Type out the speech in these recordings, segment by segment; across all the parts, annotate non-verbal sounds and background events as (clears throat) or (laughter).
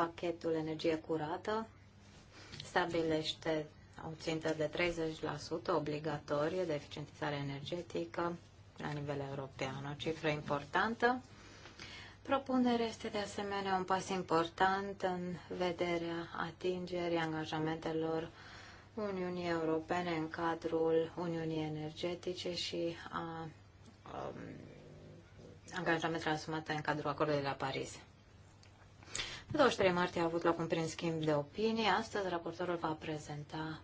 Pachetul energie curată stabilește o țintă de 30% obligatorie de eficientizare energetică la nivel european, o cifră importantă. Propunerea este de asemenea un pas important în vederea atingerii angajamentelor Uniunii Europene în cadrul Uniunii Energetice și a um, angajamentelor asumate în cadrul acordului de la Paris. Pe 23 martie a avut loc un prim schimb de opinie. Astăzi raportorul va prezenta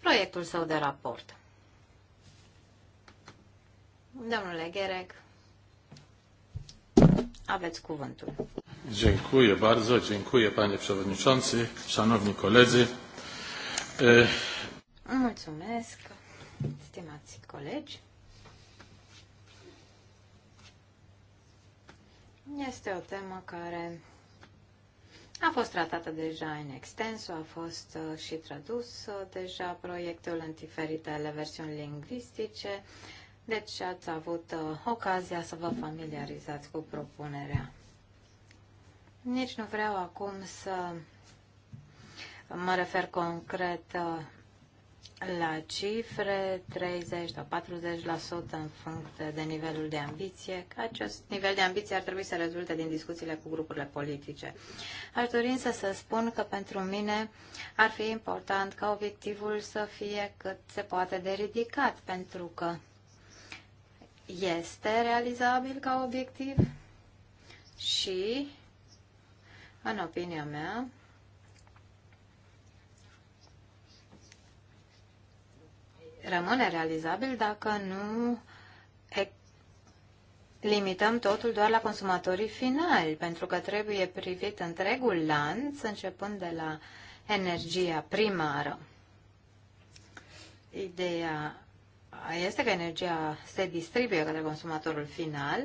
proiectul său de raport. Domnule Gherec, aveți cuvântul. Dziękuję bardzo, dziękuję panie przewodniczący, szanowni koledzy. Mulțumesc, stimați colegi. Este o temă care a fost tratată deja în extens, a fost uh, și tradus uh, deja proiectul în diferitele versiuni lingvistice, deci ați avut uh, ocazia să vă familiarizați cu propunerea. Nici nu vreau acum să mă refer concret la cifre, 30 sau 40% în funcție de nivelul de ambiție, că acest nivel de ambiție ar trebui să rezulte din discuțiile cu grupurile politice. Aș dori să să spun că pentru mine ar fi important ca obiectivul să fie cât se poate de ridicat, pentru că este realizabil ca obiectiv și, în opinia mea, rămâne realizabil dacă nu limităm totul doar la consumatorii finali, pentru că trebuie privit întregul lanț, începând de la energia primară. Ideea este că energia se distribuie către consumatorul final.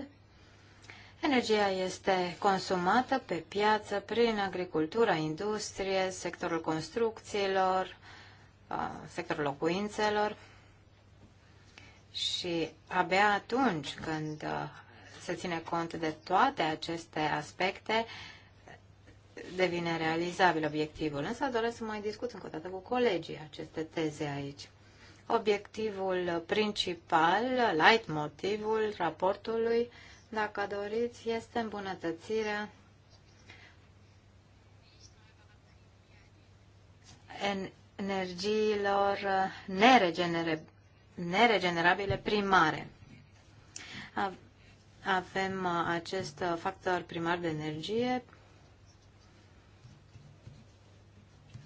Energia este consumată pe piață prin agricultura, industrie, sectorul construcțiilor, sectorul locuințelor. Și abia atunci când uh, se ține cont de toate aceste aspecte, devine realizabil obiectivul. Însă doresc să mai discut încă o dată cu colegii aceste teze aici. Obiectivul principal, light motivul raportului, dacă doriți, este îmbunătățirea energiilor neregenerabile neregenerabile primare. Avem uh, acest uh, factor primar de energie,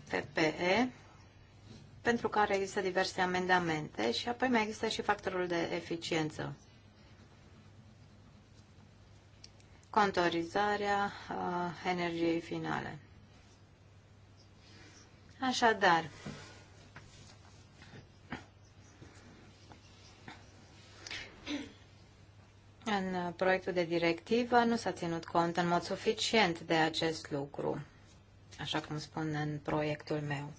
PPE, pentru care există diverse amendamente și apoi mai există și factorul de eficiență. Contorizarea uh, energiei finale. Așadar, În proiectul de directivă nu s-a ținut cont în mod suficient de acest lucru, așa cum spun în proiectul meu.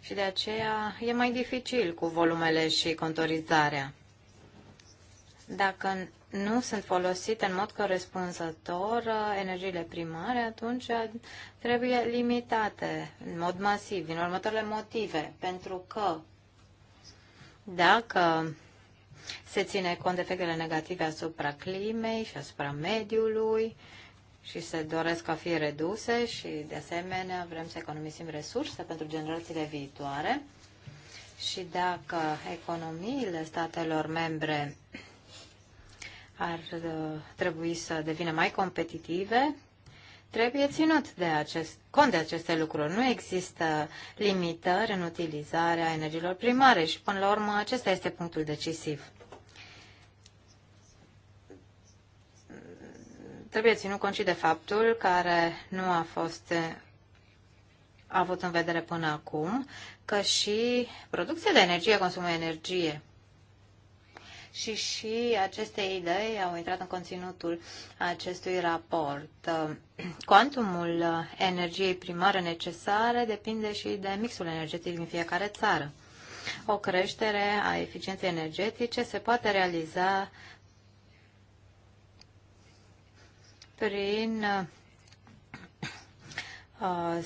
Și de aceea e mai dificil cu volumele și contorizarea. Dacă nu sunt folosite în mod corespunzător energiile primare, atunci trebuie limitate în mod masiv, din următoarele motive. Pentru că dacă se ține cont de efectele negative asupra climei și asupra mediului și se doresc a fi reduse și, de asemenea, vrem să economisim resurse pentru generațiile viitoare. Și dacă economiile statelor membre ar uh, trebui să devină mai competitive, trebuie ținut de acest, cont de aceste lucruri. Nu există limitări în utilizarea energiilor primare și, până la urmă, acesta este punctul decisiv. Trebuie ținut cont și de faptul care nu a fost avut în vedere până acum, că și producția de energie consumă energie. Și și aceste idei au intrat în conținutul acestui raport. Quantumul energiei primare necesare depinde și de mixul energetic din fiecare țară. O creștere a eficienței energetice se poate realiza prin uh,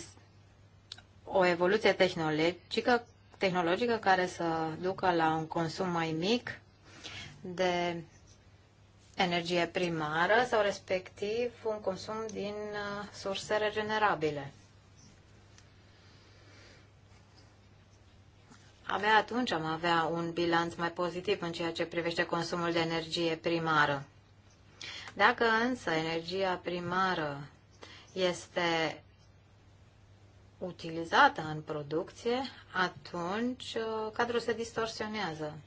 o evoluție tehnologică, tehnologică care să ducă la un consum mai mic de energie primară sau respectiv un consum din uh, surse regenerabile. Abia atunci am avea un bilanț mai pozitiv în ceea ce privește consumul de energie primară. Dacă însă energia primară este utilizată în producție, atunci uh, cadrul se distorsionează.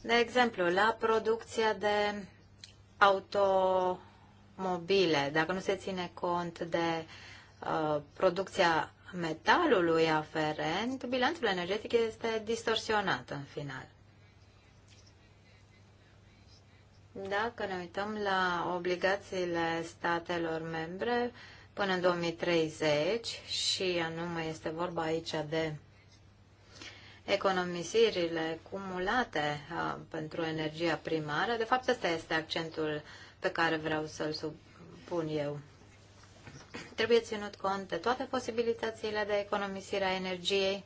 De exemplu, la producția de automobile, dacă nu se ține cont de uh, producția metalului aferent, bilanțul energetic este distorsionat în final. Dacă ne uităm la obligațiile statelor membre până în 2030 și anume este vorba aici de economisirile cumulate a, pentru energia primară, de fapt ăsta este accentul pe care vreau să-l supun eu. Trebuie ținut cont de toate posibilitățile de economisire a energiei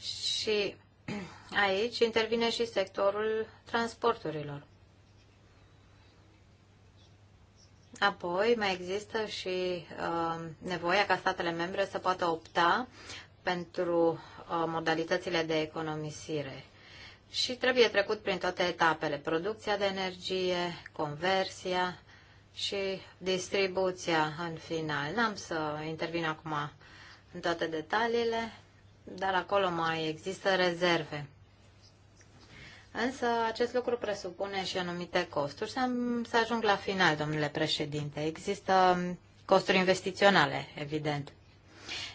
și (clears throat) aici intervine și sectorul transporturilor. Apoi mai există și uh, nevoia ca statele membre să poată opta pentru uh, modalitățile de economisire. Și trebuie trecut prin toate etapele, producția de energie, conversia, și distribuția în final. N-am să intervin acum în toate detaliile, dar acolo mai există rezerve. Însă acest lucru presupune și anumite costuri. Să, să ajung la final, domnule președinte. Există costuri investiționale, evident.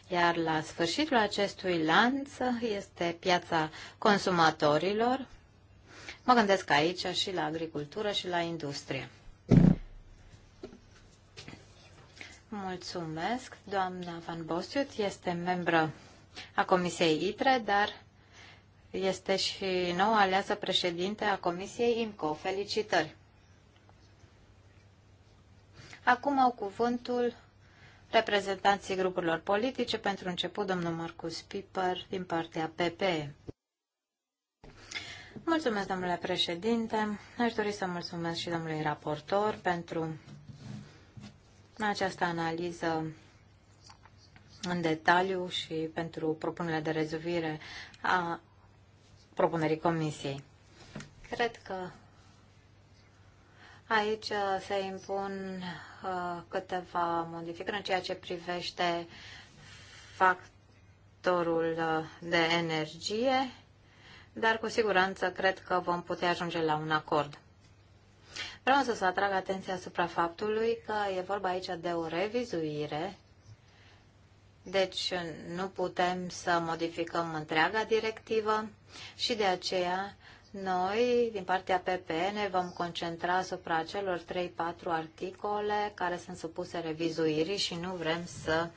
Iar la sfârșitul acestui lanț este piața consumatorilor. Mă gândesc aici și la agricultură și la industrie. Mulțumesc. Doamna Van Bostiut este membră a Comisiei ITRE, dar este și noua aleasă președinte a Comisiei IMCO. Felicitări! Acum au cuvântul reprezentanții grupurilor politice. Pentru început, domnul Marcus Piper, din partea PPE. Mulțumesc, domnule președinte. Aș dori să mulțumesc și domnului raportor pentru în această analiză în detaliu și pentru propunerea de rezolvire a propunerii comisiei. Cred că aici se impun uh, câteva modificări în ceea ce privește factorul uh, de energie, dar cu siguranță cred că vom putea ajunge la un acord. Vreau să să atrag atenția asupra faptului că e vorba aici de o revizuire, deci nu putem să modificăm întreaga directivă și de aceea noi, din partea PP, ne vom concentra asupra celor 3-4 articole care sunt supuse revizuirii și nu vrem să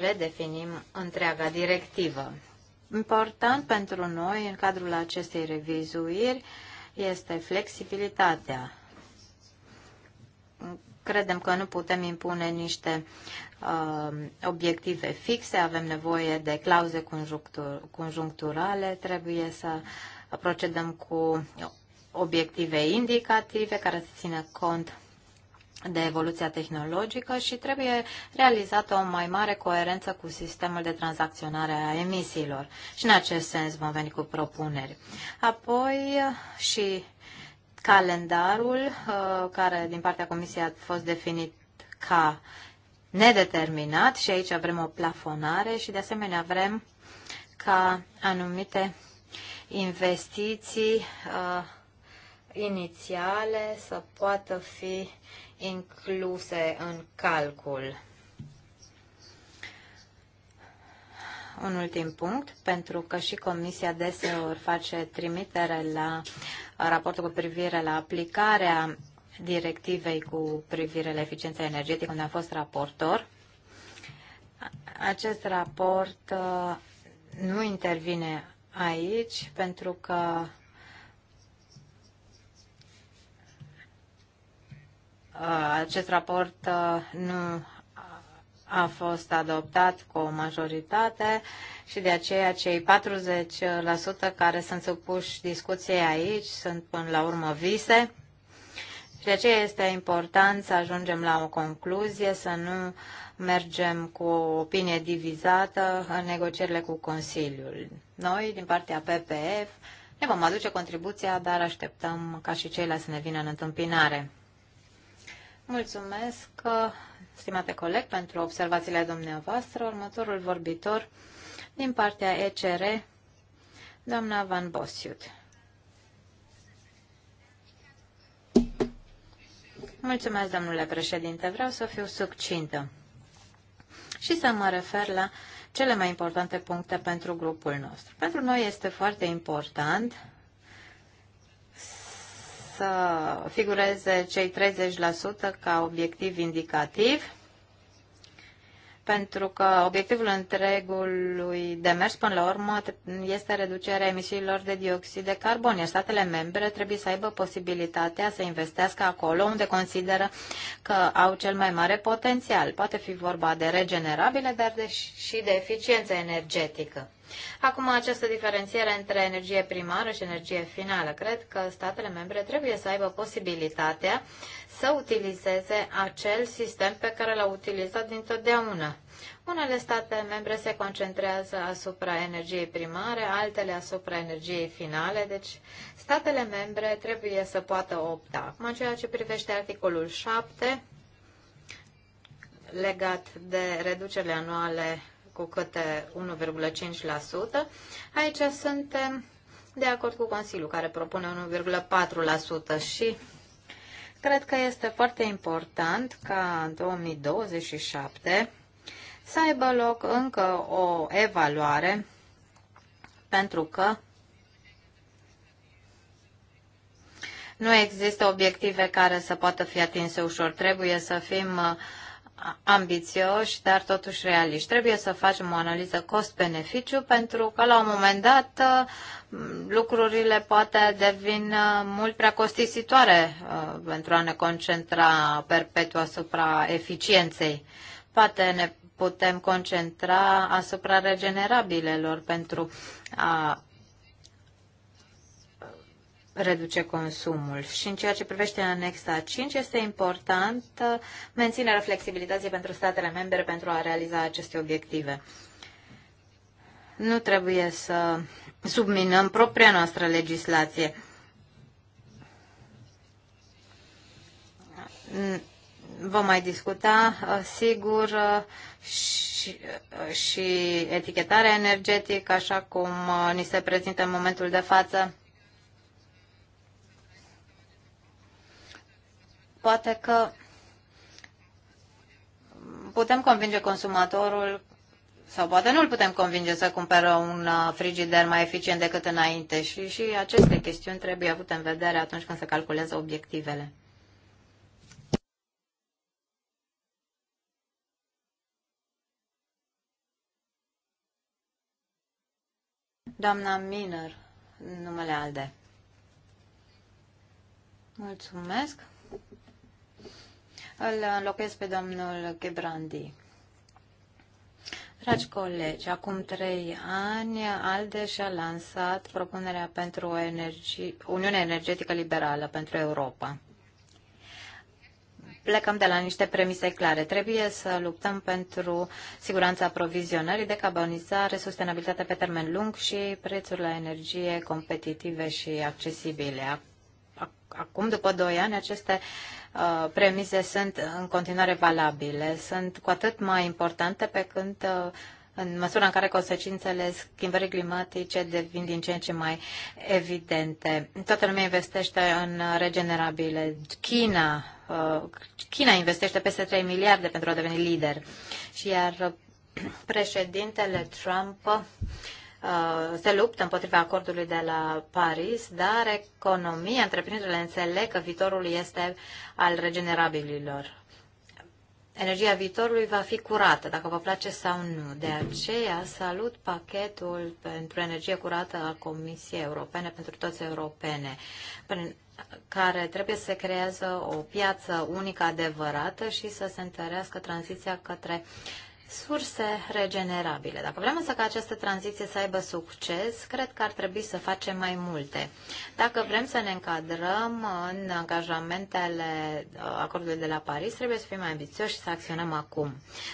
redefinim întreaga directivă. Important pentru noi, în cadrul acestei revizuiri, este flexibilitatea Credem că nu putem impune niște uh, obiective fixe, avem nevoie de clauze conjuncturale, trebuie să procedăm cu obiective indicative care să țină cont de evoluția tehnologică și trebuie realizată o mai mare coerență cu sistemul de tranzacționare a emisiilor. Și în acest sens vom veni cu propuneri. Apoi uh, și Calendarul uh, care din partea Comisiei a fost definit ca nedeterminat și aici avem o plafonare și de asemenea vrem ca anumite investiții uh, inițiale să poată fi incluse în calcul. un ultim punct, pentru că și Comisia deseori face trimitere la raportul cu privire la aplicarea directivei cu privire la eficiența energetică, unde a fost raportor. Acest raport uh, nu intervine aici, pentru că uh, acest raport uh, nu a fost adoptat cu o majoritate și de aceea cei 40% care sunt supuși discuției aici sunt până la urmă vise. Și de aceea este important să ajungem la o concluzie, să nu mergem cu o opinie divizată în negocierile cu Consiliul. Noi, din partea PPF, ne vom aduce contribuția, dar așteptăm ca și ceilalți să ne vină în întâmpinare. Mulțumesc, uh, stimate coleg, pentru observațiile dumneavoastră. Următorul vorbitor din partea ECR, doamna Van Bosiut. Mulțumesc, domnule președinte. Vreau să fiu succintă și să mă refer la cele mai importante puncte pentru grupul nostru. Pentru noi este foarte important să figureze cei 30% ca obiectiv indicativ, pentru că obiectivul întregului demers, până la urmă, este reducerea emisiilor de dioxid de carbon, iar statele membre trebuie să aibă posibilitatea să investească acolo unde consideră că au cel mai mare potențial. Poate fi vorba de regenerabile, dar de și de eficiență energetică. Acum, această diferențiere între energie primară și energie finală. Cred că statele membre trebuie să aibă posibilitatea să utilizeze acel sistem pe care l-au utilizat dintotdeauna. Unele state membre se concentrează asupra energiei primare, altele asupra energiei finale, deci statele membre trebuie să poată opta. Acum, în ceea ce privește articolul 7, legat de reducerile anuale cu câte 1,5%. Aici suntem de acord cu Consiliul, care propune 1,4% și cred că este foarte important ca în 2027 să aibă loc încă o evaluare, pentru că nu există obiective care să poată fi atinse ușor. Trebuie să fim ambițioși, dar totuși realiști. Trebuie să facem o analiză cost-beneficiu pentru că la un moment dat lucrurile poate devin mult prea costisitoare uh, pentru a ne concentra perpetu asupra eficienței. Poate ne putem concentra asupra regenerabilelor pentru a reduce consumul. Și în ceea ce privește anexa 5, este important uh, menținerea flexibilității pentru statele membre pentru a realiza aceste obiective. Nu trebuie să subminăm propria noastră legislație. Vom mai discuta, uh, sigur, uh, și, și etichetarea energetică, așa cum ni se prezintă în momentul de față. poate că putem convinge consumatorul sau poate nu îl putem convinge să cumpere un uh, frigider mai eficient decât înainte și, și aceste chestiuni trebuie avute în vedere atunci când se calculează obiectivele. Doamna Miner, numele ALDE. Mulțumesc. Îl înlocuiesc pe domnul Gebrandi. Dragi colegi, acum trei ani ALDE și-a lansat propunerea pentru o energie, Uniune Energetică Liberală pentru Europa. Plecăm de la niște premise clare. Trebuie să luptăm pentru siguranța aprovizionării, decarbonizare, sustenabilitate pe termen lung și prețuri la energie competitive și accesibile. Acum, după doi ani, aceste uh, premise sunt în continuare valabile, sunt cu atât mai importante pe când uh, în măsura în care consecințele schimbării climatice devin din ce în ce mai evidente. Toată lumea investește în regenerabile. China, uh, China investește peste 3 miliarde pentru a deveni lider. Și iar uh, președintele Trump Uh, se luptă împotriva acordului de la Paris, dar economia, întreprinderile înțeleg că viitorul este al regenerabililor. Energia viitorului va fi curată, dacă vă place sau nu. De aceea salut pachetul pentru energie curată al Comisiei Europene pentru toți europene, prin care trebuie să creează o piață unică adevărată și să se întărească tranziția către uh, surse regenerabile. Dacă vrem să ca această tranziție să aibă succes, cred că ar trebui să facem mai multe. Dacă vrem să ne încadrăm în angajamentele uh, acordului de la Paris, trebuie să fim mai ambițioși și să acționăm acum.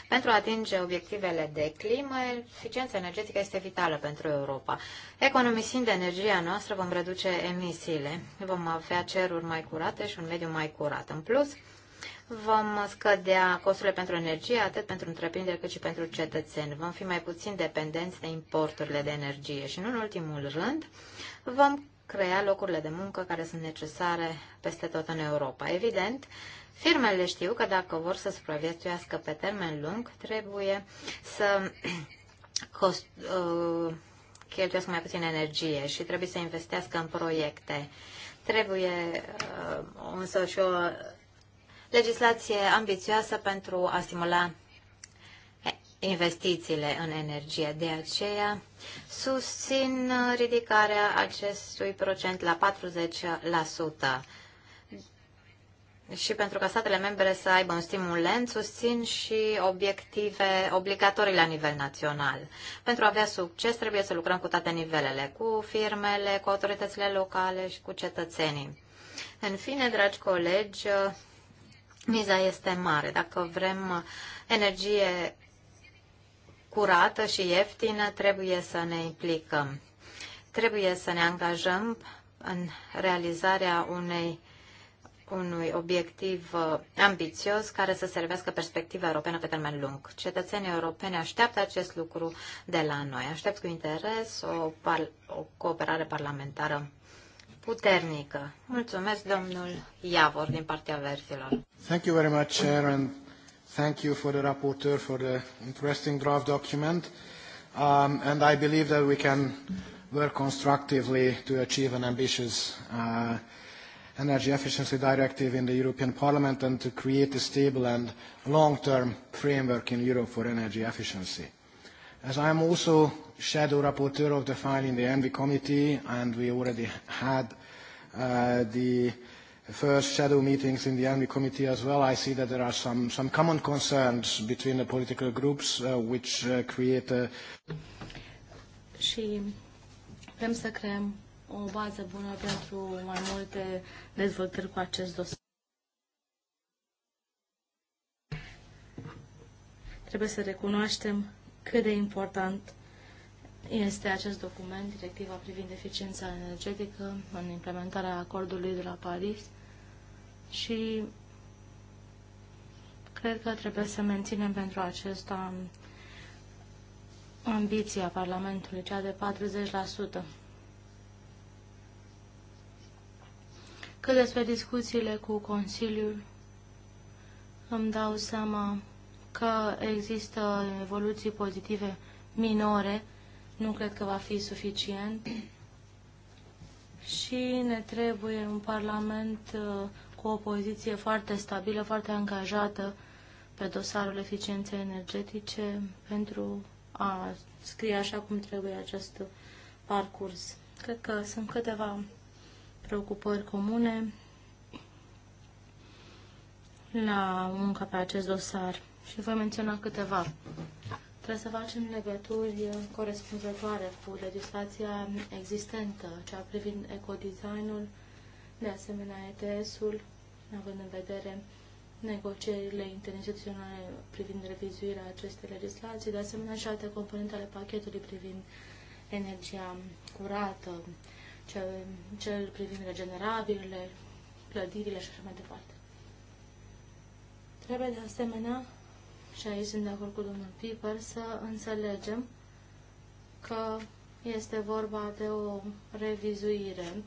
Pentru a atinge obiectivele de climă, eficiența energetică este vitală pentru Europa. Economisind energia noastră, vom reduce emisiile, vom avea ceruri mai curate și un mediu mai curat. În plus, vom scădea costurile pentru energie, atât pentru întreprinderi cât și pentru cetățeni. Vom fi mai puțin dependenți de importurile de energie și, nu în ultimul rând, vom crea locurile de muncă care sunt necesare peste tot în Europa. Evident, firmele știu că dacă vor să supraviețuiască pe termen lung, trebuie să (clears throat) cost, uh, cheltuiască mai puțin energie și trebuie să investească în proiecte. Trebuie uh, însă și o legislație ambițioasă pentru a stimula investițiile în energie. De aceea susțin ridicarea acestui procent la 40% și pentru ca statele membre să aibă un stimulent, susțin și obiective obligatorii la nivel național. Pentru a avea succes, trebuie să lucrăm cu toate nivelele, cu firmele, cu autoritățile locale și cu cetățenii. În fine, dragi colegi, miza este mare. Dacă vrem energie curată și ieftină, trebuie să ne implicăm. Trebuie să ne angajăm în realizarea unei unui obiectiv uh, ambițios care să servească perspectiva europeană pe termen lung. Cetățenii europeni așteaptă acest lucru de la noi. Aștept cu interes o, par- o cooperare parlamentară puternică. Mulțumesc, domnul Iavor, din partea versilor. Thank you very much, Chair, and thank you for the rapporteur for the interesting draft document. Um, and I believe that we can work constructively to achieve an ambitious uh, energy efficiency directive in the European Parliament and to create a stable and long-term framework in Europe for energy efficiency. As I am also shadow rapporteur of the file in the ENVI committee, and we already had uh, the first shadow meetings in the ENVI committee as well, I see that there are some, some common concerns between the political groups uh, which uh, create a... o bază bună pentru mai multe dezvoltări cu acest dosar. Trebuie să recunoaștem cât de important este acest document, directiva privind eficiența energetică în implementarea acordului de la Paris și cred că trebuie să menținem pentru acesta ambiția Parlamentului, cea de 40%. Cât despre discuțiile cu Consiliul, îmi dau seama că există evoluții pozitive minore, nu cred că va fi suficient și ne trebuie un Parlament uh, cu o poziție foarte stabilă, foarte angajată pe dosarul eficienței energetice pentru a scrie așa cum trebuie acest parcurs. Cred că sunt câteva preocupări comune la munca pe acest dosar și voi menționa câteva. Trebuie să facem legături corespunzătoare cu legislația existentă, cea privind ecodesignul, de asemenea ETS-ul, având în vedere negocierile internaționale privind revizuirea acestei legislații, de asemenea și alte componente ale pachetului privind energia curată, cel, cel privind regenerabilele, clădirile și așa mai departe. Trebuie de asemenea și aici sunt de acord cu domnul Piper, să înțelegem că este vorba de o revizuire,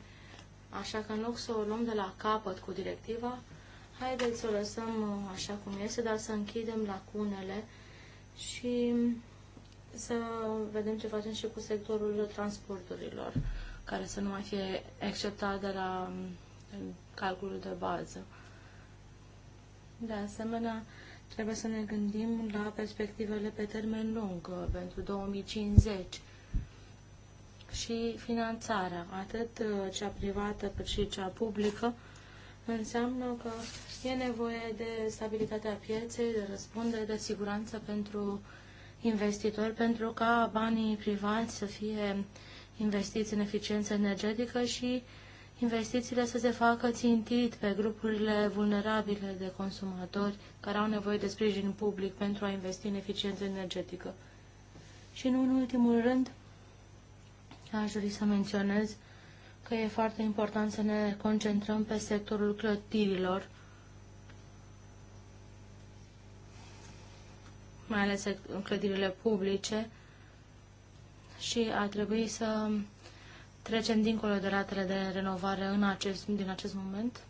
așa că în loc să o luăm de la capăt cu directiva, haideți să o lăsăm uh, așa cum este, dar să închidem lacunele și să vedem ce facem și cu sectorul transporturilor, care să nu mai fie exceptat de la mm, calculul de bază. De asemenea, Trebuie să ne gândim la perspectivele pe termen lung, uh, pentru 2050 și finanțarea, atât uh, cea privată cât și cea publică, înseamnă că e nevoie de stabilitatea pieței, de răspundere, de siguranță pentru investitori, pentru ca banii privați să fie investiți în eficiență energetică și uh, investițiile să se facă țintit pe grupurile vulnerabile de consumatori care au nevoie de sprijin public pentru a investi în eficiență energetică. Și nu în ultimul rând, aș dori să menționez că e foarte important să ne concentrăm pe sectorul clădirilor, mai ales clădirile publice, și a trebui să trecem dincolo de ratele de renovare în acest, din acest moment.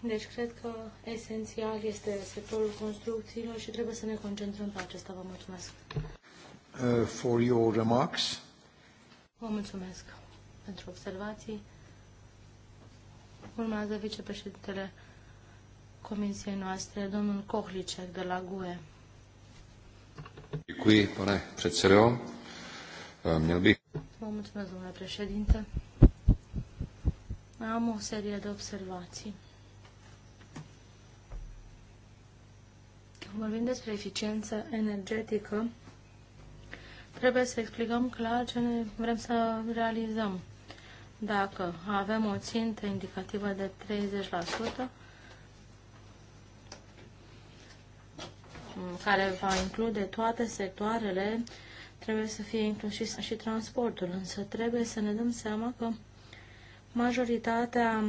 Deci cred că esențial este sectorul construcțiilor și trebuie să ne concentrăm pe acesta. Vă mulțumesc. Uh, for your remarks. Vă mulțumesc pentru observații. Urmează vicepreședintele comisiei noastre, domnul Kohlicek de la GUE. Děkuji, pane předsedo. Vă mulțumesc, domnule președinte. Am o serie de observații. Când vorbim despre eficiență energetică, trebuie să explicăm clar ce ne vrem să realizăm. Dacă avem o țintă indicativă de 30%, care va include toate sectoarele trebuie să fie inclus și, și transportul, însă trebuie să ne dăm seama că majoritatea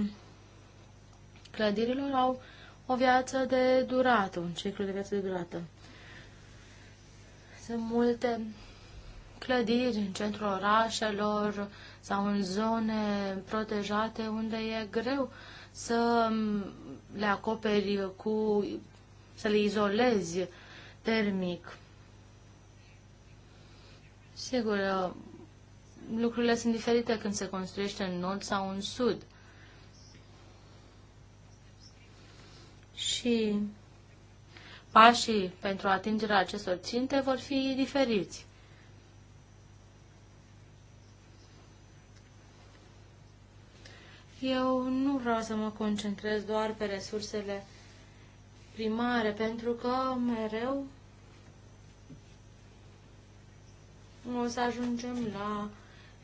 clădirilor au o viață de durată, un ciclu de viață de durată. Sunt multe clădiri în centrul orașelor sau în zone protejate unde e greu să le acoperi cu, să le izolezi termic. Sigur, uh, lucrurile sunt diferite când se construiește în nord sau în sud. Și pașii pentru atingerea acestor ținte vor fi diferiți. Eu nu vreau să mă concentrez doar pe resursele primare, pentru că mereu o să ajungem la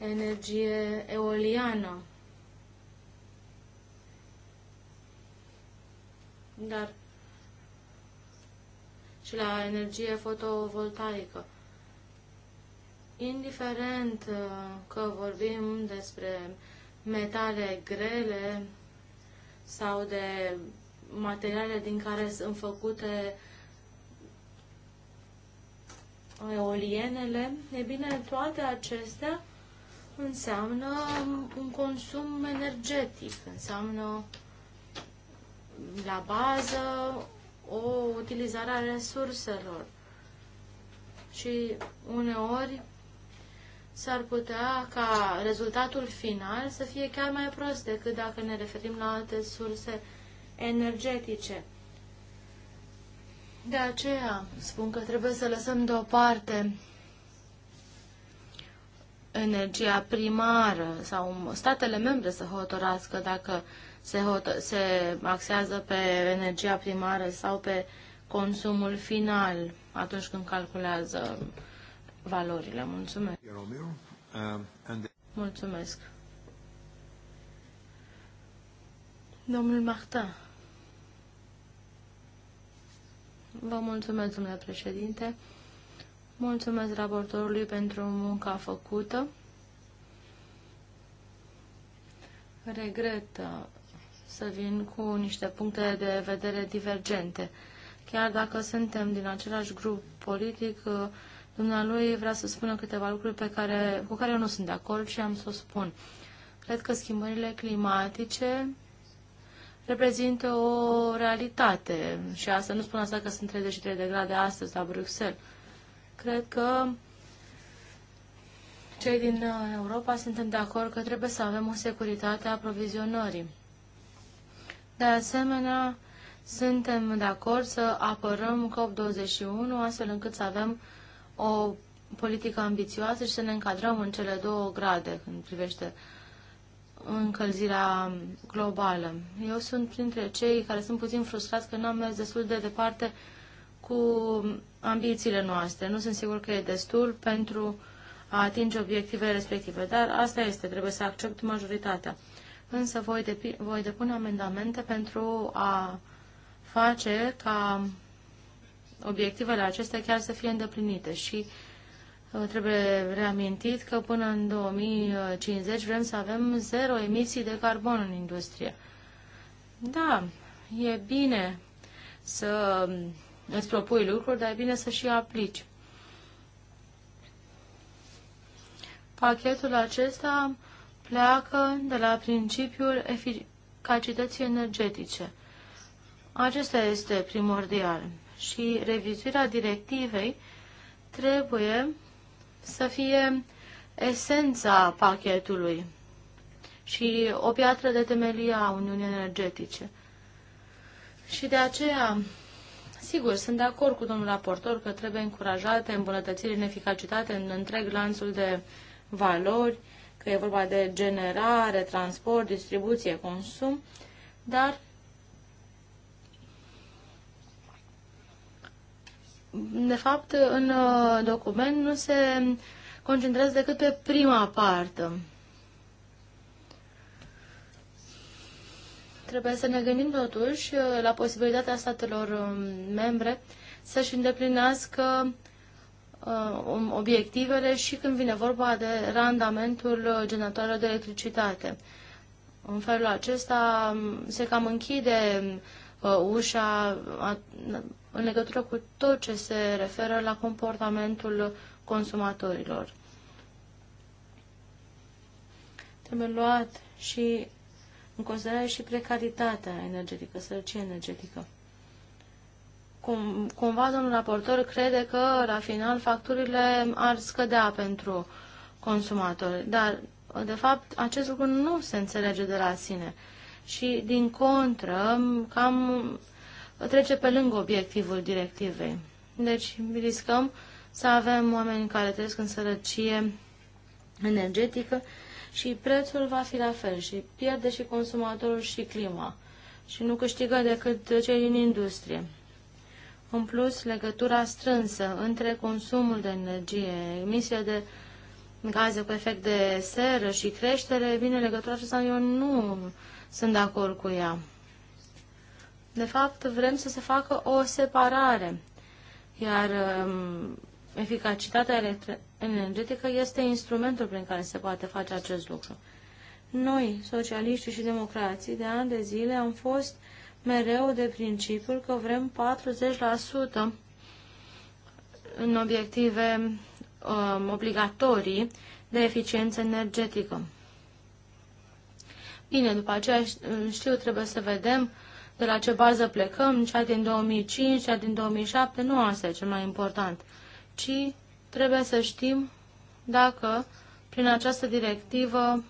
energie eoliană. Dar și la energie fotovoltaică. Indiferent uh, că vorbim despre metale grele sau de materiale din care sunt făcute eolienele, e bine, toate acestea înseamnă un consum energetic, înseamnă la bază o utilizare a resurselor. Și uneori s-ar putea ca rezultatul final să fie chiar mai prost decât dacă ne referim la alte surse energetice. De aceea spun că trebuie să lăsăm deoparte energia primară sau statele membre să hotărască dacă se, hot- se axează pe energia primară sau pe consumul final atunci când calculează valorile. Mulțumesc. Um, Mulțumesc. Domnul Martin. Vă mulțumesc, domnule președinte. Mulțumesc raportorului pentru munca făcută. Regret uh, să vin cu niște puncte de vedere divergente. Chiar dacă suntem din același grup politic, uh, dumnealui vrea să spună câteva lucruri pe care, cu care eu nu sunt de acord și am să o spun. Cred că schimbările climatice reprezintă o realitate și asta nu spun asta că sunt 33 de grade astăzi la Bruxelles. Cred că cei din uh, Europa suntem de acord că trebuie să avem o securitate a aprovizionării. De asemenea, suntem de acord să apărăm COP21 astfel încât să avem o politică ambițioasă și să ne încadrăm în cele două grade când privește uh, încălzirea globală. Eu sunt printre cei care sunt puțin frustrați că nu am mers destul de departe cu ambițiile noastre. Nu sunt sigur că e destul pentru a atinge obiectivele respective, dar asta este, trebuie să accept majoritatea. Însă voi, depi- voi depune amendamente pentru a face ca obiectivele acestea chiar să fie îndeplinite și uh, Uh, trebuie reamintit că până în 2050 vrem să avem zero emisii de carbon în industrie. Da, e bine să îți propui lucruri, dar e bine să și aplici. Pachetul acesta pleacă de la principiul eficacității energetice. Acesta este primordial și revizuirea directivei trebuie să fie esența pachetului și o piatră de temelie a Uniunii Energetice. Și de aceea, sigur, sunt de acord cu domnul raportor că trebuie încurajate îmbunătățiri în eficacitate în întreg lanțul de valori, că e vorba de generare, transport, distribuție, consum, dar de fapt, în uh, document nu se concentrează decât pe prima parte. Trebuie să ne gândim totuși uh, la posibilitatea statelor um, membre să-și îndeplinească uh, obiectivele și când vine vorba de randamentul generatoarelor de electricitate. În felul acesta um, se cam închide ușa în legătură cu tot ce se referă la comportamentul consumatorilor. Trebuie luat și în considerare și precaritatea energetică, sărăcie energetică. Cum, cumva domnul raportor crede că la final facturile ar scădea pentru consumatori, dar de fapt acest lucru nu se înțelege de la sine și din contră cam trece pe lângă obiectivul directivei. Deci riscăm să avem oameni care trăiesc în sărăcie energetică și prețul va fi la fel și pierde și consumatorul și clima și nu câștigă decât cei din industrie. În plus, legătura strânsă între consumul de energie, emisia de gaze cu efect de seră și creștere, bine, legătura aceasta eu nu sunt de acord cu ea. De fapt, vrem să se facă o separare, iar um, eficacitatea energetică este instrumentul prin care se poate face acest lucru. Noi, socialiștii și democrații, de ani de zile am fost mereu de principiul că vrem 40% în obiective um, obligatorii de eficiență energetică. Bine, după aceea știu, trebuie să vedem de la ce bază plecăm, cea din 2005, cea din 2007, nu asta e cel mai important, ci trebuie să știm dacă prin această directivă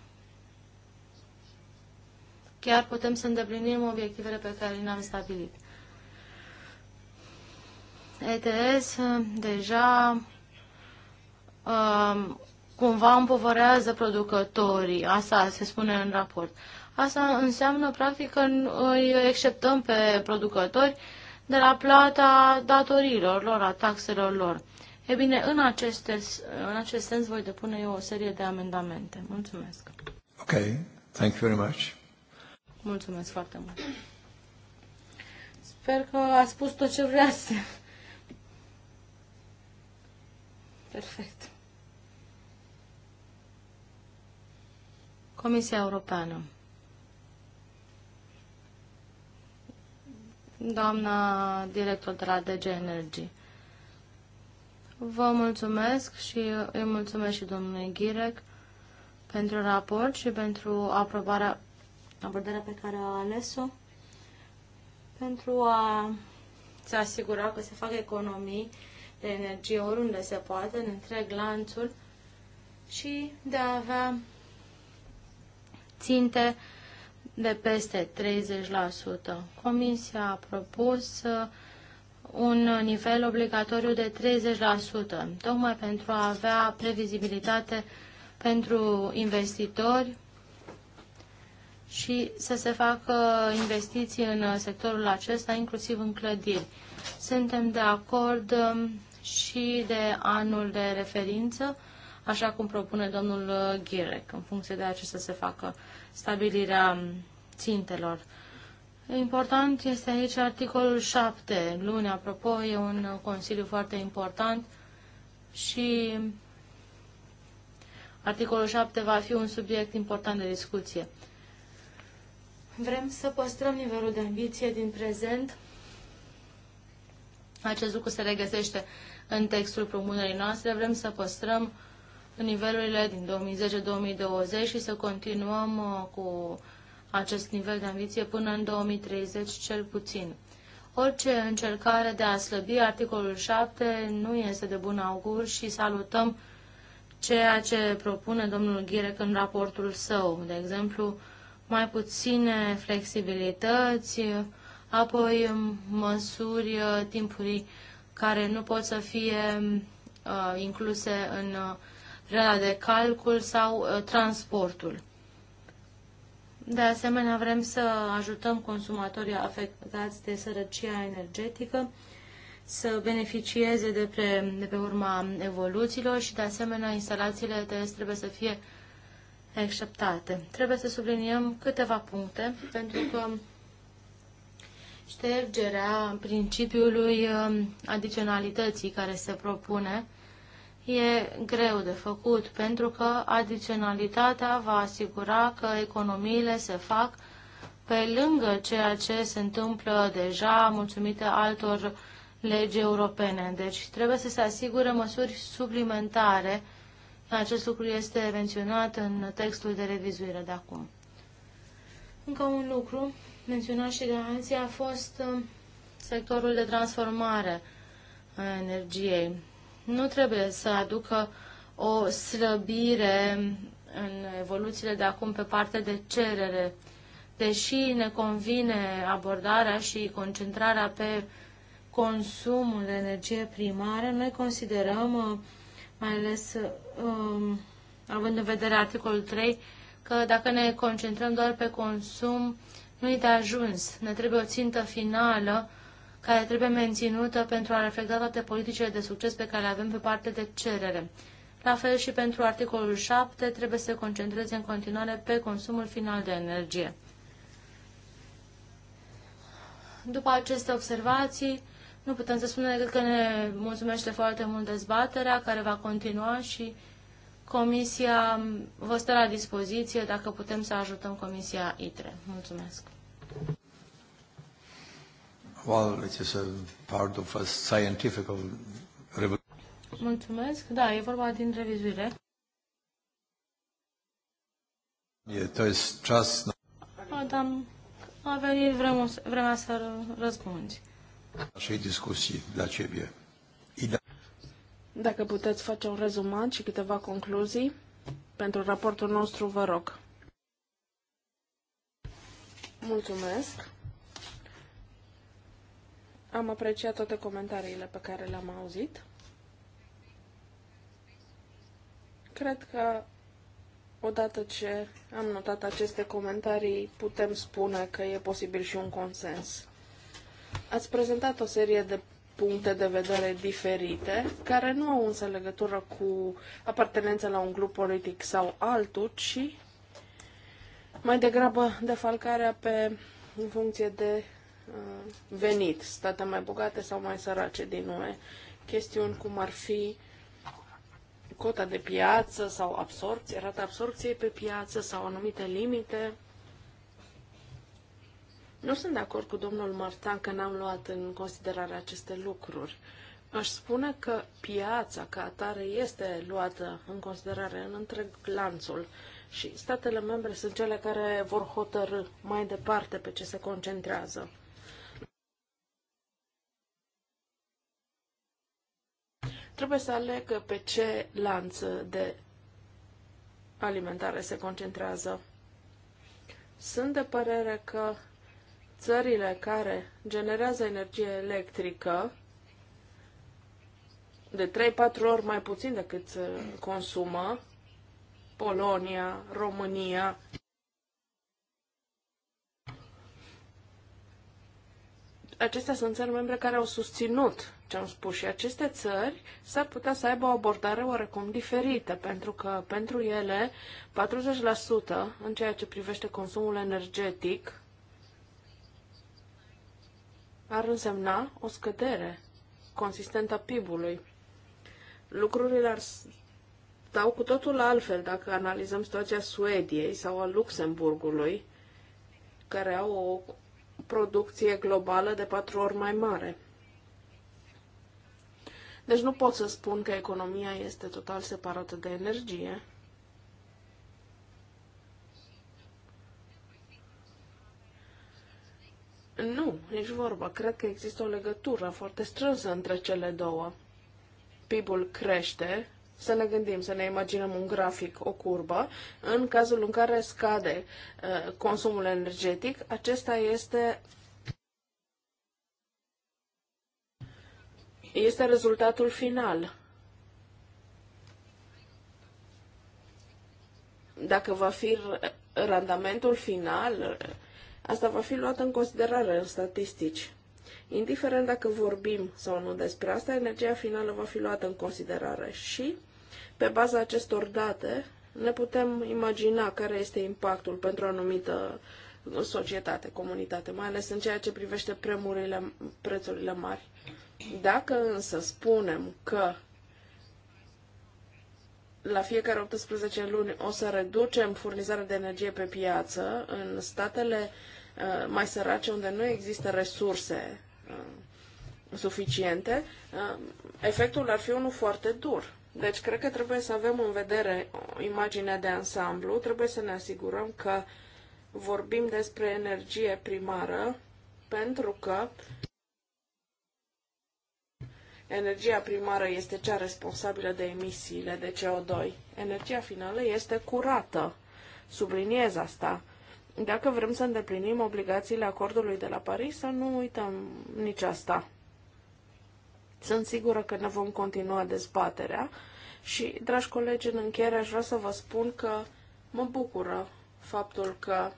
chiar putem să îndeplinim obiectivele pe care le-am stabilit. ETS deja um, cumva împovărează producătorii, asta se spune în raport. Asta înseamnă, practic, că îi exceptăm pe producători de la plata datorilor lor, a taxelor lor. E bine, în acest, în acest sens voi depune eu o serie de amendamente. Mulțumesc. Ok, thank you very much. Mulțumesc foarte mult. Sper că a spus tot ce vrea să. Perfect. Comisia Europeană. doamna director de la DG Energy. Vă mulțumesc și îi mulțumesc și domnului Ghirec pentru raport și pentru aprobarea, abordarea pe care a ales-o, pentru a se asigura că se fac economii de energie oriunde se poate, în întreg lanțul și de a avea ținte de peste 30%. Comisia a propus uh, un nivel obligatoriu de 30%, tocmai pentru a avea previzibilitate pentru investitori și să se facă investiții în uh, sectorul acesta, inclusiv în clădiri. Suntem de acord um, și de anul de referință, așa cum propune domnul uh, Ghirec, în funcție de aceea să se facă stabilirea țintelor. Important este aici articolul 7. Luni, apropo, e un consiliu foarte important și articolul 7 va fi un subiect important de discuție. Vrem să păstrăm nivelul de ambiție din prezent. Acest lucru se regăsește în textul promunării. noastre. Vrem să păstrăm uh, în nivelurile din 2010-2020 și să continuăm uh, cu acest nivel de ambiție până în 2030 cel puțin. Orice încercare de a slăbi articolul 7 nu este de bun augur și salutăm ceea ce propune domnul Ghirec în raportul său, de exemplu, mai puține flexibilități, apoi măsuri uh, timpurii care nu pot să fie uh, incluse în uh, rela de calcul sau uh, transportul. De asemenea, vrem să ajutăm consumatorii afectați de sărăcia energetică să beneficieze de pe, de pe urma evoluțiilor și, de asemenea, instalațiile de trebuie să fie acceptate. Trebuie să subliniem câteva puncte, pentru că ștergerea principiului um, adiționalității care se propune e greu de făcut, pentru că adiționalitatea va asigura că economiile se fac pe lângă ceea ce se întâmplă deja, mulțumită altor legi europene. Deci trebuie să se asigure măsuri suplimentare. Acest lucru este menționat în textul de revizuire de acum. Încă un lucru menționat și de alții a fost uh, sectorul de transformare a energiei nu trebuie să aducă o slăbire în evoluțiile de acum pe partea de cerere. Deși ne convine abordarea și concentrarea pe consumul de energie primară, noi considerăm, uh, mai ales um, având în vedere articolul 3, că dacă ne concentrăm doar pe consum, nu-i de ajuns. Ne trebuie o țintă finală care trebuie menținută pentru a reflecta toate politicile de succes pe care le avem pe partea de cerere. La fel și pentru articolul 7, trebuie să se concentreze în continuare pe consumul final de energie. După aceste observații, nu putem să spunem decât că ne mulțumește foarte mult dezbaterea care va continua și Comisia vă stă la dispoziție dacă putem să ajutăm Comisia ITRE. Mulțumesc! well, is a part of a scientific Mulțumesc. Da, e vorba din revizuire. E, to jest czas Adam, a venit vremea, vremea să răspunzi. Așa e discuții la ciebie. Dacă puteți face un rezumat și câteva concluzii pentru raportul nostru, vă rog. Mulțumesc. Am apreciat toate comentariile pe care le-am auzit. Cred că odată ce am notat aceste comentarii, putem spune că e posibil și un consens. Ați prezentat o serie de puncte de vedere diferite, care nu au însă legătură cu apartenența la un grup politic sau altul, ci mai degrabă defalcarea pe, în funcție de Uh, venit, state mai bogate sau mai sărace din UE, chestiuni cum ar fi cota de piață sau absorpție, rata absorpției pe piață sau anumite limite. Nu sunt de acord cu domnul Martan că n-am luat în considerare aceste lucruri. Aș spune că piața ca atare este luată în considerare în întreg lanțul și statele membre sunt cele care vor hotărâ mai departe pe ce se concentrează. Trebuie să aleg pe ce lanț de alimentare se concentrează. Sunt de părere că țările care generează energie electrică de 3-4 ori mai puțin decât uh, consumă, Polonia, România, acestea sunt țări membre care au susținut ce am spus. Și aceste țări s-ar putea să aibă o abordare oarecum diferită, pentru că pentru ele 40% în ceea ce privește consumul energetic ar însemna o scădere consistentă a PIB-ului. Lucrurile ar stau cu totul altfel dacă analizăm situația Suediei sau a Luxemburgului, care au o producție globală de patru ori mai mare. Deci nu pot să spun că economia este total separată de energie. Nu, nici vorba. Cred că există o legătură foarte strânsă între cele două. PIB-ul crește, să ne gândim, să ne imaginăm un grafic, o curbă, în cazul în care scade uh, consumul energetic, acesta este este rezultatul final. Dacă va fi randamentul final, asta va fi luat în considerare în statistici. Indiferent dacă vorbim sau nu despre asta, energia finală va fi luată în considerare și, pe baza acestor date, ne putem imagina care este impactul pentru o anumită societate, comunitate, mai ales în ceea ce privește premurile, prețurile mari. Dacă însă spunem că la fiecare 18 luni o să reducem furnizarea de energie pe piață în statele uh, mai sărace unde nu există resurse uh, suficiente, uh, efectul ar fi unul foarte dur. Deci cred că trebuie să avem în vedere imaginea de ansamblu, trebuie să ne asigurăm că vorbim despre energie primară, pentru că Energia primară este cea responsabilă de emisiile de CO2. Energia finală este curată. Subliniez asta. Dacă vrem să îndeplinim obligațiile acordului de la Paris, să nu uităm nici asta. Sunt sigură că ne vom continua dezbaterea și, dragi colegi, în încheiere aș vrea să vă spun că mă bucură faptul că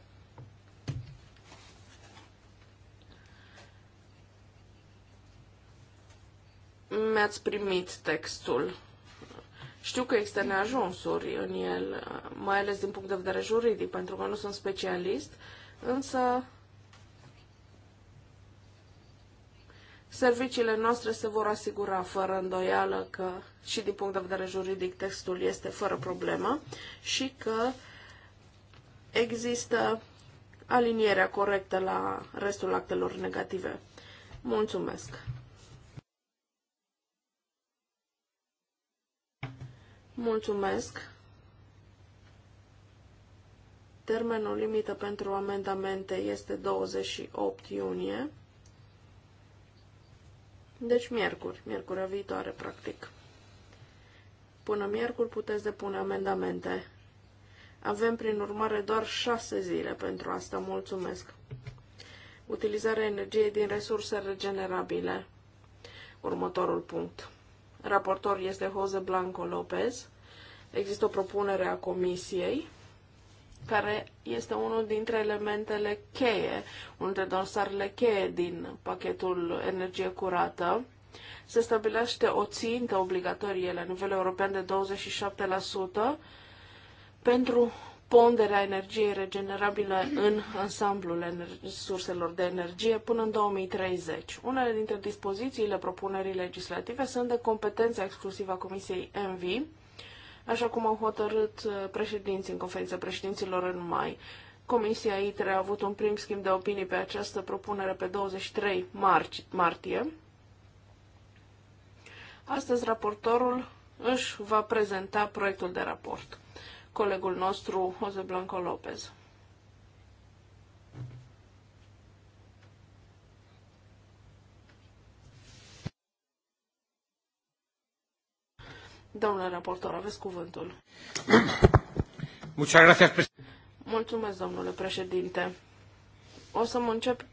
mi-ați primit textul. Știu că există neajunsuri în el, mai ales din punct de vedere juridic, pentru că nu sunt specialist, însă serviciile noastre se vor asigura fără îndoială că și din punct de vedere juridic textul este fără problemă și că există alinierea corectă la restul actelor negative. Mulțumesc! Mulțumesc. Termenul limită pentru amendamente este 28 iunie. Deci miercuri, miercurea viitoare, practic. Până miercuri puteți depune amendamente. Avem, prin urmare, doar șase zile pentru asta. Mulțumesc. Utilizarea energiei din resurse regenerabile. Următorul punct. Raportor este Jose Blanco Lopez. Există o propunere a Comisiei care este unul dintre elementele cheie, unul dintre dosarele cheie din pachetul energie curată. Se stabilește o țintă obligatorie la nivel european de 27% pentru ponderea energiei regenerabile în ansamblul surselor de energie până în 2030. Unele dintre dispozițiile propunerii legislative sunt de competență exclusivă a Comisiei ENVI, așa cum au hotărât uh, președinții în conferința președinților în mai. Comisia ITRE a avut un prim schimb de opinii pe această propunere pe 23 marci, martie. Astăzi raportorul își va prezenta proiectul de raport colegul nostru, Jose Blanco Lopez. Domnule raportor, aveți cuvântul. Mulțumesc, domnule președinte. O să mă încep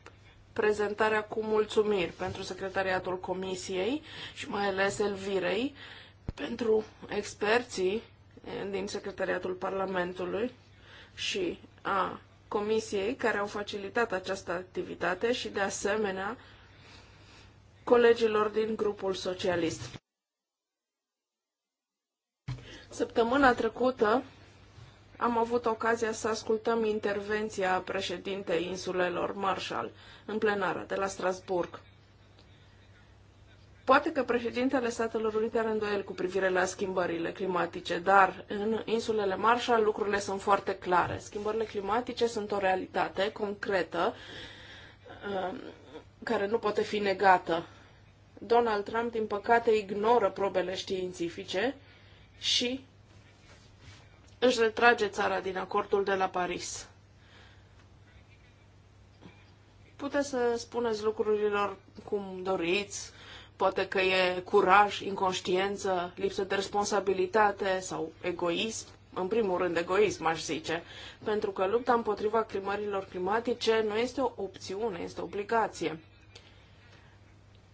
prezentarea cu mulțumiri pentru secretariatul comisiei și mai ales Elvirei, pentru experții din Secretariatul Parlamentului și a Comisiei care au facilitat această activitate și, de asemenea, colegilor din grupul socialist. Săptămâna trecută am avut ocazia să ascultăm intervenția președintei insulelor Marshall în plenară de la Strasburg. Poate că președintele Statelor Unite are îndoiel cu privire la schimbările climatice, dar în insulele Marshall lucrurile sunt foarte clare. Schimbările climatice sunt o realitate concretă um, care nu poate fi negată. Donald Trump, din păcate, ignoră probele științifice și își retrage țara din acordul de la Paris. Puteți să spuneți lucrurilor cum doriți, Poate că e curaj, inconștiență, lipsă de responsabilitate sau egoism. În primul rând, egoism, aș zice. Pentru că lupta împotriva climărilor climatice nu este o opțiune, este o obligație.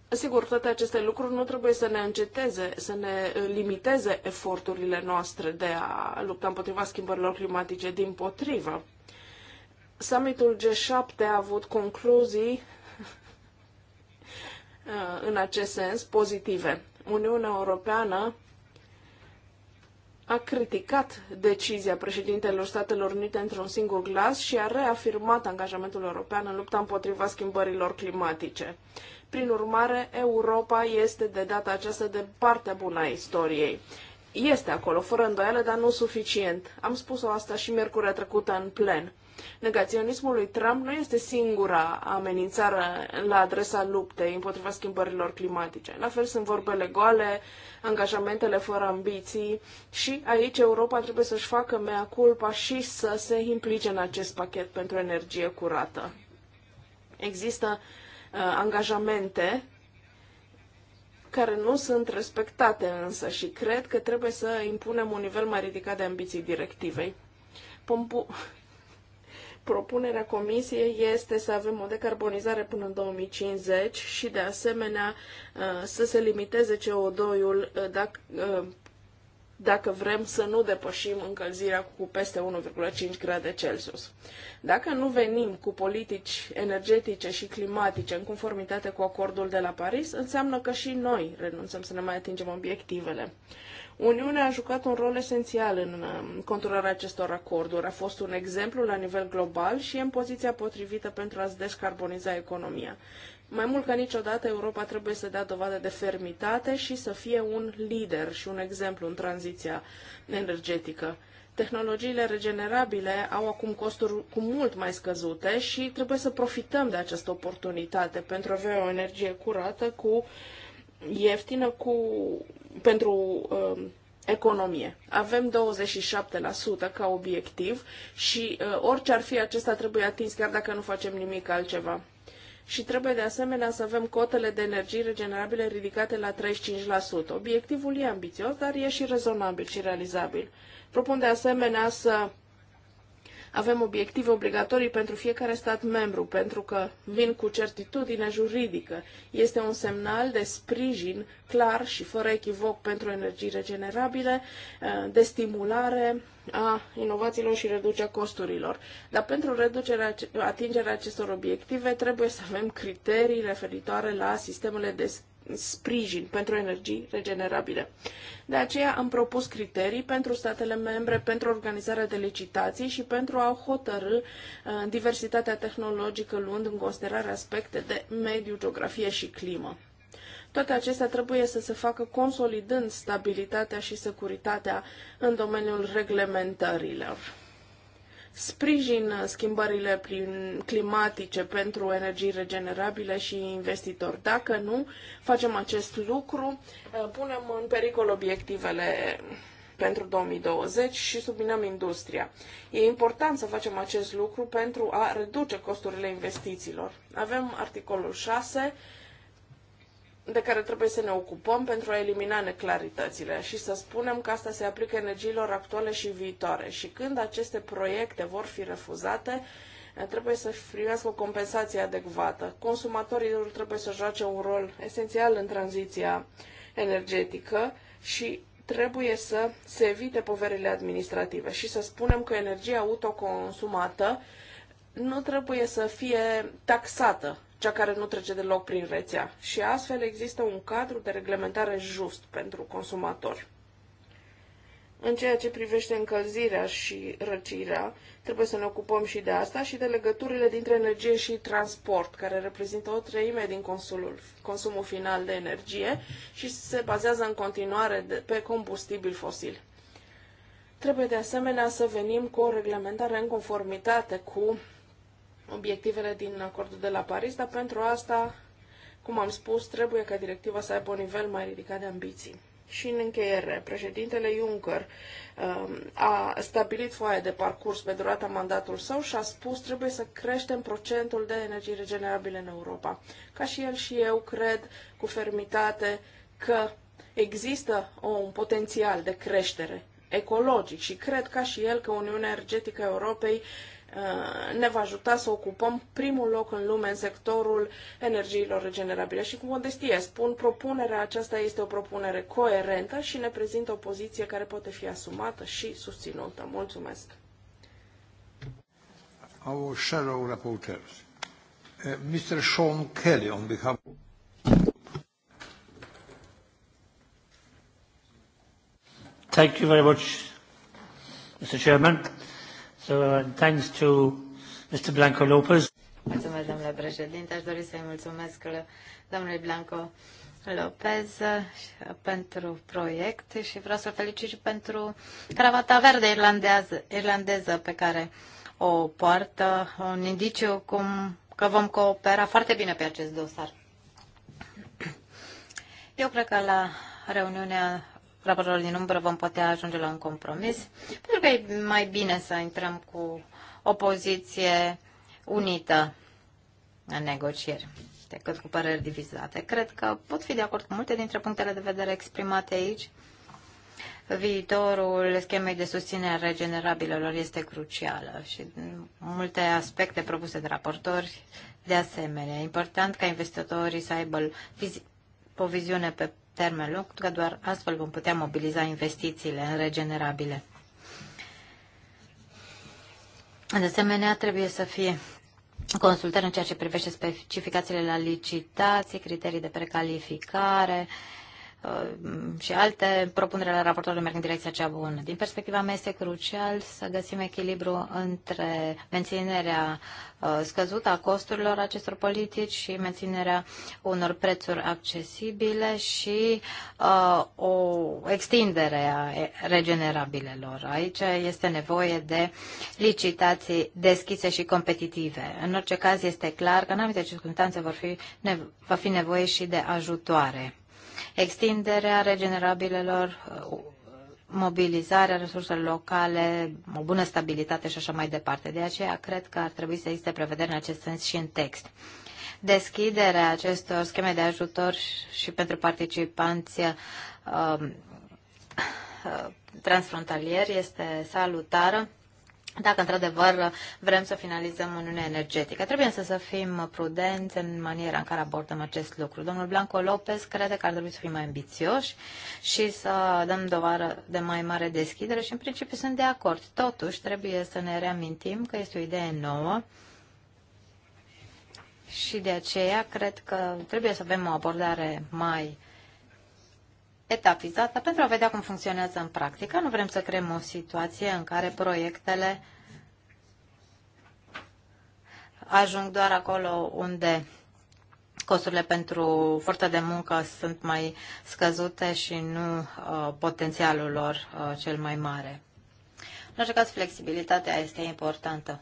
Sigur, toate aceste lucruri nu trebuie să ne înceteze, să ne uh, limiteze eforturile noastre de a lupta împotriva schimbărilor climatice, din potrivă. Summitul G7 a avut concluzii Uh, în acest sens pozitive. Uniunea Europeană a criticat decizia președintelor Statelor Unite într-un singur glas și a reafirmat angajamentul european în lupta împotriva schimbărilor climatice. Prin urmare, Europa este de data aceasta de partea bună a istoriei. Este acolo, fără îndoială, dar nu suficient. Am spus-o asta și miercurea trecută în plen negaționismului lui Trump nu este singura amenințare la adresa luptei împotriva schimbărilor climatice. La fel sunt vorbele goale, angajamentele fără ambiții și aici Europa trebuie să-și facă mea culpa și să se implice în acest pachet pentru energie curată. Există uh, angajamente care nu sunt respectate însă și cred că trebuie să impunem un nivel mai ridicat de ambiții directivei. Pompu- propunerea Comisiei este să avem o decarbonizare până în 2050 și, de asemenea, uh, să se limiteze CO2-ul uh, dacă, uh, dacă vrem să nu depășim încălzirea cu peste 1,5 grade Celsius. Dacă nu venim cu politici energetice și climatice în conformitate cu acordul de la Paris, înseamnă că și noi renunțăm să ne mai atingem obiectivele. Uniunea a jucat un rol esențial în uh, controlarea acestor acorduri. A fost un exemplu la nivel global și e în poziția potrivită pentru a-ți descarboniza economia. Mai mult ca niciodată, Europa trebuie să dea dovadă de fermitate și să fie un lider și un exemplu în tranziția energetică. Tehnologiile regenerabile au acum costuri cu mult mai scăzute și trebuie să profităm de această oportunitate pentru a avea o energie curată, cu ieftină, cu pentru um, economie. Avem 27% ca obiectiv și uh, orice ar fi acesta trebuie atins chiar dacă nu facem nimic altceva și trebuie de asemenea să avem cotele de energie regenerabile ridicate la 35%. Obiectivul e ambițios, dar e și rezonabil și realizabil. Propun de asemenea să avem obiective obligatorii pentru fiecare stat membru, pentru că vin cu certitudine juridică. Este un semnal de sprijin clar și fără echivoc pentru energii regenerabile, eh, de stimulare a inovațiilor și reducerea costurilor. Dar pentru reducerea, atingerea acestor obiective trebuie să avem criterii referitoare la sistemele de sprijin pentru energii regenerabile. De aceea am propus criterii pentru statele membre, pentru organizarea de licitații și pentru a hotărâ uh, diversitatea tehnologică luând în considerare aspecte de mediu, geografie și climă. Toate acestea trebuie să se facă consolidând stabilitatea și securitatea în domeniul reglementărilor sprijin schimbările climatice pentru energii regenerabile și investitori. Dacă nu facem acest lucru, uh, punem în pericol obiectivele pentru 2020 și subminăm industria. E important să facem acest lucru pentru a reduce costurile investițiilor. Avem articolul 6 de care trebuie să ne ocupăm pentru a elimina neclaritățile și să spunem că asta se aplică energiilor actuale și viitoare. Și când aceste proiecte vor fi refuzate, trebuie să primească o compensație adecvată. Consumatorii trebuie să joace un rol esențial în tranziția energetică și trebuie să se evite poverile administrative și să spunem că energia autoconsumată nu trebuie să fie taxată cea care nu trece deloc prin rețea. Și astfel există un cadru de reglementare just pentru consumatori. În ceea ce privește încălzirea și răcirea, trebuie să ne ocupăm și de asta și de legăturile dintre energie și transport, care reprezintă o treime din consumul, consumul final de energie și se bazează în continuare de, pe combustibil fosil. Trebuie de asemenea să venim cu o reglementare în conformitate cu obiectivele din acordul de la Paris, dar pentru asta, cum am spus, trebuie ca directiva să aibă un nivel mai ridicat de ambiții. Și în încheiere, președintele Juncker um, a stabilit foaia de parcurs pe durata mandatului său și a spus trebuie să creștem procentul de energii regenerabile în Europa. Ca și el și eu cred cu fermitate că există un potențial de creștere ecologic și cred ca și el că Uniunea Energetică a Europei Uh, ne va ajuta să ocupăm primul loc în lume în sectorul energiilor regenerabile. Și cu modestie spun, propunerea aceasta este o propunere coerentă și ne prezintă o poziție care poate fi asumată și susținută. Mulțumesc! Our shadow rapporteurs. Uh, Mr. Sean Kelly on behalf Thank you very much, Mr. Chairman. Uh, mulțumesc, domnule președinte. Aș dori să-i mulțumesc uh, domnului Blanco Lopez uh, pentru proiect și vreau să-l felicit și pentru cravata verde irlandeză, irlandeză pe care o poartă, un indiciu cum că vom coopera foarte bine pe acest dosar. Eu cred că la reuniunea raportorilor din umbră vom putea ajunge la un compromis, pentru că e mai bine să intrăm cu o poziție unită în negocieri decât cu păreri divizate. Cred că pot fi de acord cu multe dintre punctele de vedere exprimate aici. Viitorul schemei de susținere a regenerabilelor este crucială și multe aspecte propuse de raportori de asemenea. E important ca investitorii să aibă o viziune pe termen lung, că doar astfel vom putea mobiliza investițiile în regenerabile. De asemenea, trebuie să fie consultări în ceea ce privește specificațiile la licitații, criterii de precalificare, Uh, și alte propuneri ale raportorului merg în direcția cea bună. Din perspectiva mea este crucial să găsim echilibru între menținerea uh, scăzută a costurilor acestor politici și menținerea unor prețuri accesibile și uh, o extindere a regenerabilelor. Aici este nevoie de licitații deschise și competitive. În orice caz este clar că în anumite circunstanțe vor fi, va fi nevoie și de ajutoare extinderea regenerabilelor, mobilizarea resurselor locale, o bună stabilitate și așa mai departe. De aceea cred că ar trebui să existe prevedere în acest sens și în text. Deschiderea acestor scheme de ajutor și pentru participanți uh, transfrontalieri este salutară dacă într-adevăr vrem să finalizăm Uniunea Energetică. Trebuie să, să fim prudenți în maniera în care abordăm acest lucru. Domnul Blanco Lopez crede că ar trebui să fim mai ambițioși și să dăm dovară de mai mare deschidere și în principiu sunt de acord. Totuși trebuie să ne reamintim că este o idee nouă și de aceea cred că trebuie să avem o abordare mai etapizată pentru a vedea cum funcționează în practică. Nu vrem să creăm o situație în care proiectele ajung doar acolo unde costurile pentru forța de muncă sunt mai scăzute și nu uh, potențialul lor uh, cel mai mare. În orice caz, flexibilitatea este importantă.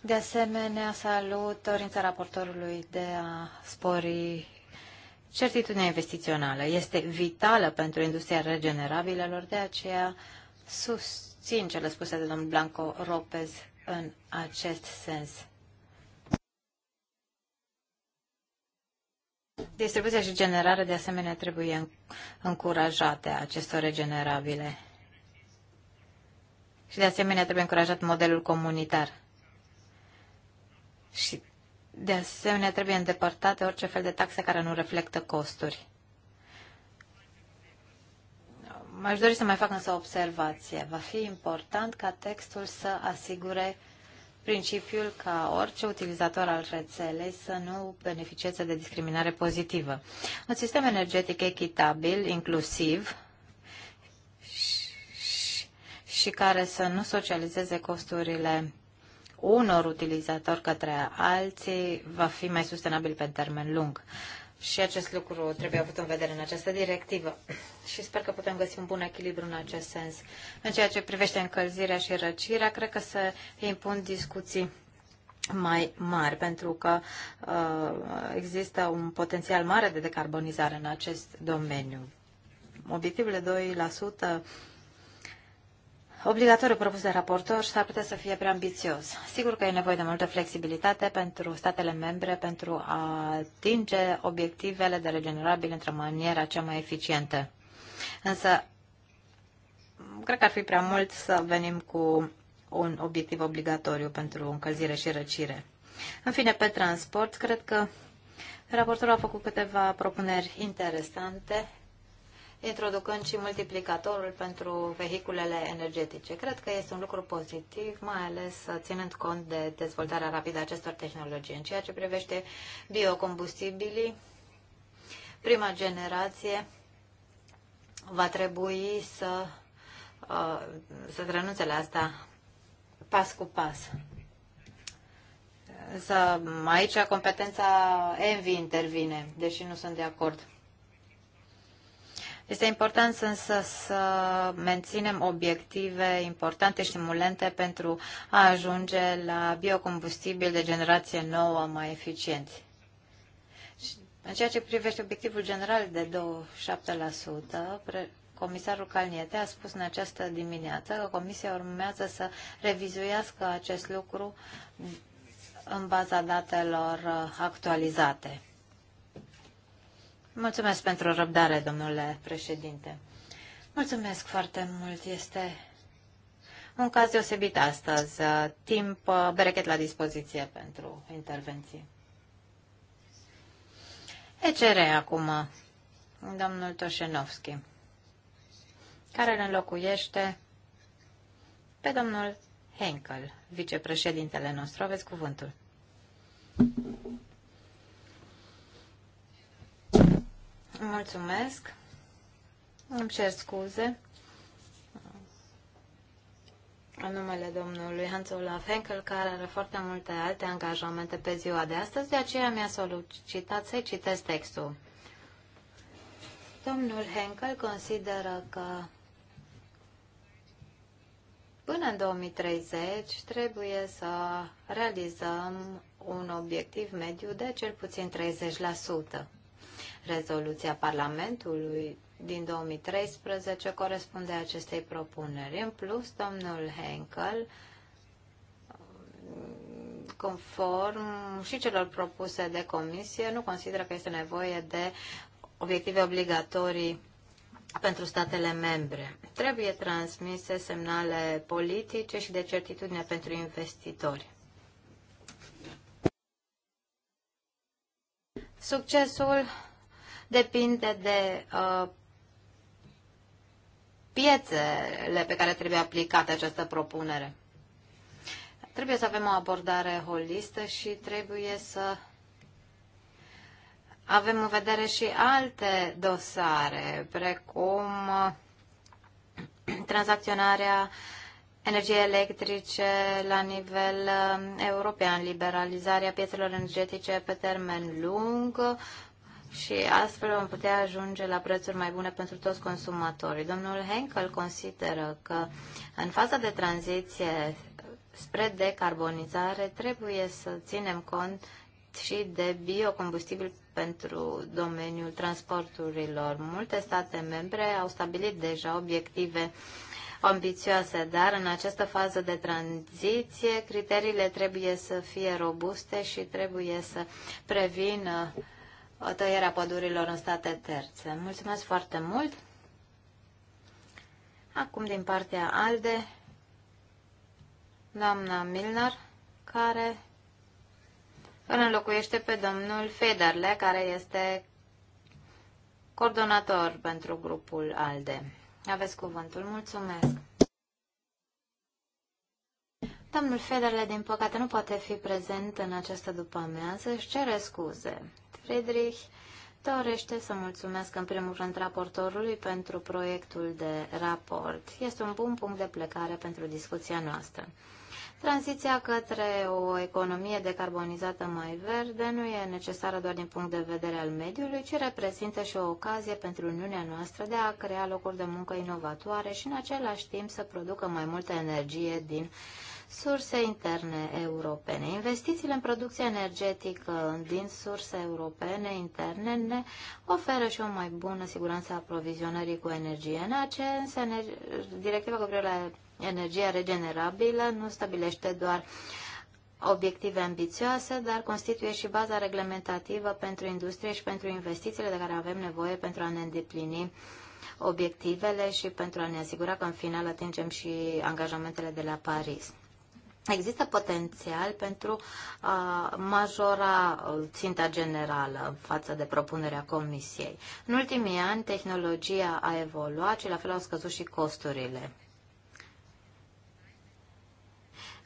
De asemenea, salut dorința raportorului de a spori Certitudinea investițională este vitală pentru industria regenerabilelor, de aceea susțin cele spuse de domnul Blanco Ropez în acest sens. Distribuția și generarea, de asemenea, trebuie încurajate acestor regenerabile. Și, de asemenea, trebuie încurajat modelul comunitar. Și de asemenea, trebuie îndepărtate orice fel de taxe care nu reflectă costuri. M-aș dori să mai fac însă o observație. Va fi important ca textul să asigure principiul ca orice utilizator al rețelei să nu beneficieze de discriminare pozitivă. Un sistem energetic echitabil, inclusiv și, și care să nu socializeze costurile unor utilizatori către alții va fi mai sustenabil pe termen lung. Și acest lucru trebuie avut în vedere în această directivă. (clears throat) Și sper că putem găsi un bun echilibru în acest sens. În ceea ce privește încălzirea și răcirea, cred că se impun discuții mai mari, pentru că uh, există un potențial mare de decarbonizare în acest domeniu. Obiectivele 2% obligatoriu propus de raportor s-ar putea să fie prea ambițios. Sigur că e nevoie de multă flexibilitate pentru statele membre pentru a atinge obiectivele de regenerabil într-o manieră cea mai eficientă. Însă, cred că ar fi prea mult să venim cu un obiectiv obligatoriu pentru încălzire și răcire. În fine, pe transport, cred că raportorul a făcut câteva propuneri interesante introducând și multiplicatorul pentru vehiculele energetice. Cred că este un lucru pozitiv, mai ales ținând cont de dezvoltarea rapidă a acestor tehnologii. În ceea ce privește biocombustibilii, prima generație va trebui să, uh, să renunțe la asta pas cu pas. Să, aici competența ENVI intervine, deși nu sunt de acord. Este important însă să menținem obiective importante, și stimulente pentru a ajunge la biocombustibil de generație nouă mai eficienți. În ceea ce privește obiectivul general de 27%, comisarul Calniete a spus în această dimineață că Comisia urmează să revizuiască acest lucru în baza datelor actualizate. Mulțumesc pentru răbdare, domnule președinte. Mulțumesc foarte mult. Este un caz deosebit astăzi. Timp uh, berechet la dispoziție pentru intervenții. ECR acum, domnul Toșenovski, care îl înlocuiește pe domnul Henkel, vicepreședintele nostru. Aveți cuvântul. Mulțumesc. Îmi cer scuze în numele domnului Hans Olaf Henkel, care are foarte multe alte angajamente pe ziua de astăzi, de aceea mi-a solicitat să-i citesc textul. Domnul Henkel consideră că până în 2030 trebuie să realizăm un obiectiv mediu de cel puțin 30%. Rezoluția Parlamentului din 2013 corespunde acestei propuneri. În plus, domnul Henkel, conform și celor propuse de comisie, nu consideră că este nevoie de obiective obligatorii pentru statele membre. Trebuie transmise semnale politice și de certitudine pentru investitori. Succesul depinde de uh, piețele pe care trebuie aplicată această propunere. Trebuie să avem o abordare holistă și trebuie să avem în vedere și alte dosare, precum uh, (clears throat) tranzacționarea energiei electrice la nivel uh, european, liberalizarea piețelor energetice pe termen lung, și astfel vom putea ajunge la prețuri mai bune pentru toți consumatorii. Domnul Henkel consideră că în faza de tranziție spre decarbonizare trebuie să ținem cont și de biocombustibil pentru domeniul transporturilor. Multe state membre au stabilit deja obiective ambițioase, dar în această fază de tranziție criteriile trebuie să fie robuste și trebuie să prevină tăierea pădurilor în state terțe. Mulțumesc foarte mult! Acum din partea ALDE, doamna Milner, care îl înlocuiește pe domnul Federle, care este coordonator pentru grupul ALDE. Aveți cuvântul. Mulțumesc! Domnul Federle, din păcate, nu poate fi prezent în această după-amiază. Își cere scuze. Friedrich dorește să mulțumesc în primul rând raportorului pentru proiectul de raport. Este un bun punct de plecare pentru discuția noastră. Tranziția către o economie decarbonizată mai verde nu e necesară doar din punct de vedere al mediului, ci reprezintă și o ocazie pentru Uniunea noastră de a crea locuri de muncă inovatoare și în același timp să producă mai multă energie din uh, surse interne europene. Investițiile în producție energetică din surse europene interne ne oferă și o mai bună siguranță a aprovizionării cu energie. În acest directiva cu privire la energia regenerabilă nu stabilește doar obiective ambițioase, dar constituie și baza reglementativă pentru industrie și pentru investițiile de care avem nevoie pentru a ne îndeplini obiectivele și pentru a ne asigura că în final atingem și angajamentele de la Paris. Există potențial pentru a majora ținta generală față de propunerea Comisiei. În ultimii ani, tehnologia a evoluat și la fel au scăzut și costurile.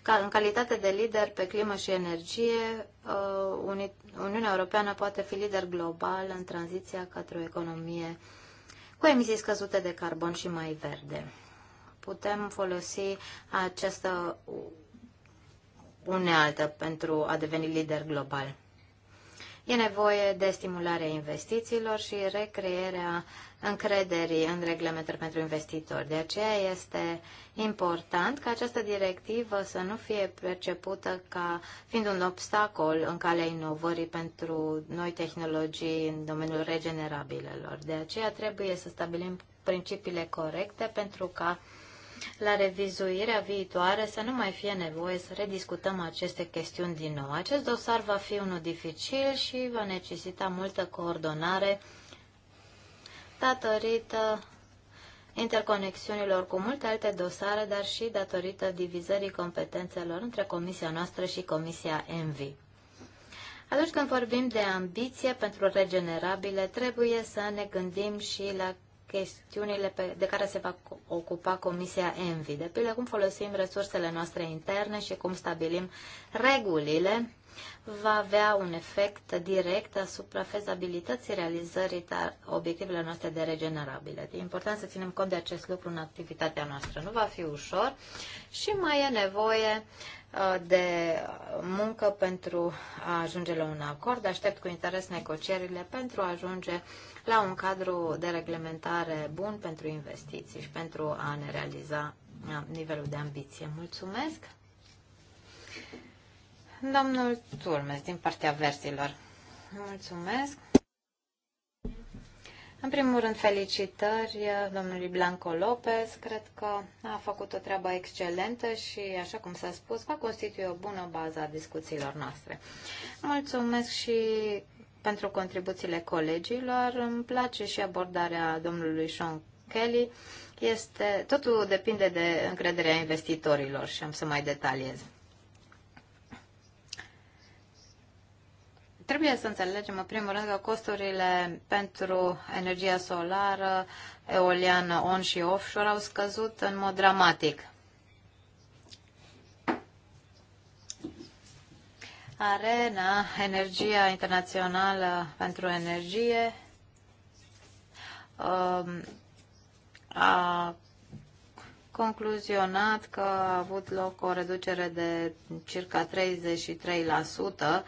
Ca, în calitate de lider pe climă și energie, Uniunea Europeană poate fi lider global în tranziția către o economie cu emisii scăzute de carbon și mai verde. Putem folosi această unealtă pentru a deveni lider global. E nevoie de stimularea investițiilor și recrearea încrederii în reglementări pentru investitori. De aceea este important ca această directivă să nu fie percepută ca fiind un obstacol în calea inovării pentru noi tehnologii în domeniul regenerabilelor. De aceea trebuie să stabilim principiile corecte pentru ca la revizuirea viitoare să nu mai fie nevoie să rediscutăm aceste chestiuni din nou. Acest dosar va fi unul dificil și va necesita multă coordonare datorită interconexiunilor cu multe alte dosare, dar și datorită divizării competențelor între comisia noastră și comisia ENVI. Atunci când vorbim de ambiție pentru regenerabile, trebuie să ne gândim și la chestiunile pe, de care se va ocupa Comisia ENVI, de pildă cum folosim resursele noastre interne și cum stabilim regulile, va avea un efect direct asupra fezabilității realizării obiectivelor noastre de regenerabile. E important să ținem cont de acest lucru în activitatea noastră. Nu va fi ușor și mai e nevoie Uh, de muncă pentru a ajunge la un acord. Aștept cu interes negocierile pentru a ajunge la un cadru de reglementare bun pentru investiții și pentru a ne realiza uh, nivelul de ambiție. Mulțumesc! Domnul Turmes, din partea versilor. Mulțumesc! În primul rând, felicitări eh, domnului Blanco Lopez. Cred că a făcut o treabă excelentă și, așa cum s-a spus, va constitui o bună bază a discuțiilor noastre. Mulțumesc și pentru contribuțiile colegilor. Îmi place și abordarea domnului Sean Kelly. Este, totul depinde de încrederea investitorilor și am să mai detaliez. Trebuie să înțelegem, în primul rând, că costurile pentru energia solară, eoliană, on și offshore au scăzut în mod dramatic. Arena, Energia Internațională pentru Energie, um, a concluzionat că a avut loc o reducere de circa 33%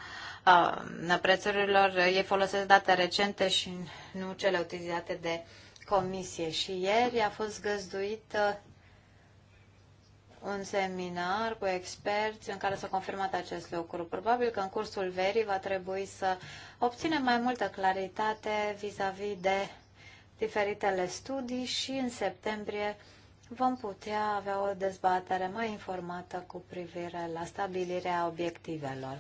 prețurilor, ei folosesc date recente și nu cele utilizate de comisie. Și ieri a fost găzduit uh, un seminar cu experți în care s-a confirmat acest lucru. Probabil că în cursul verii va trebui să obținem mai multă claritate vis-a-vis -vis de diferitele studii și în septembrie vom putea avea o dezbatere mai informată cu privire la stabilirea obiectivelor.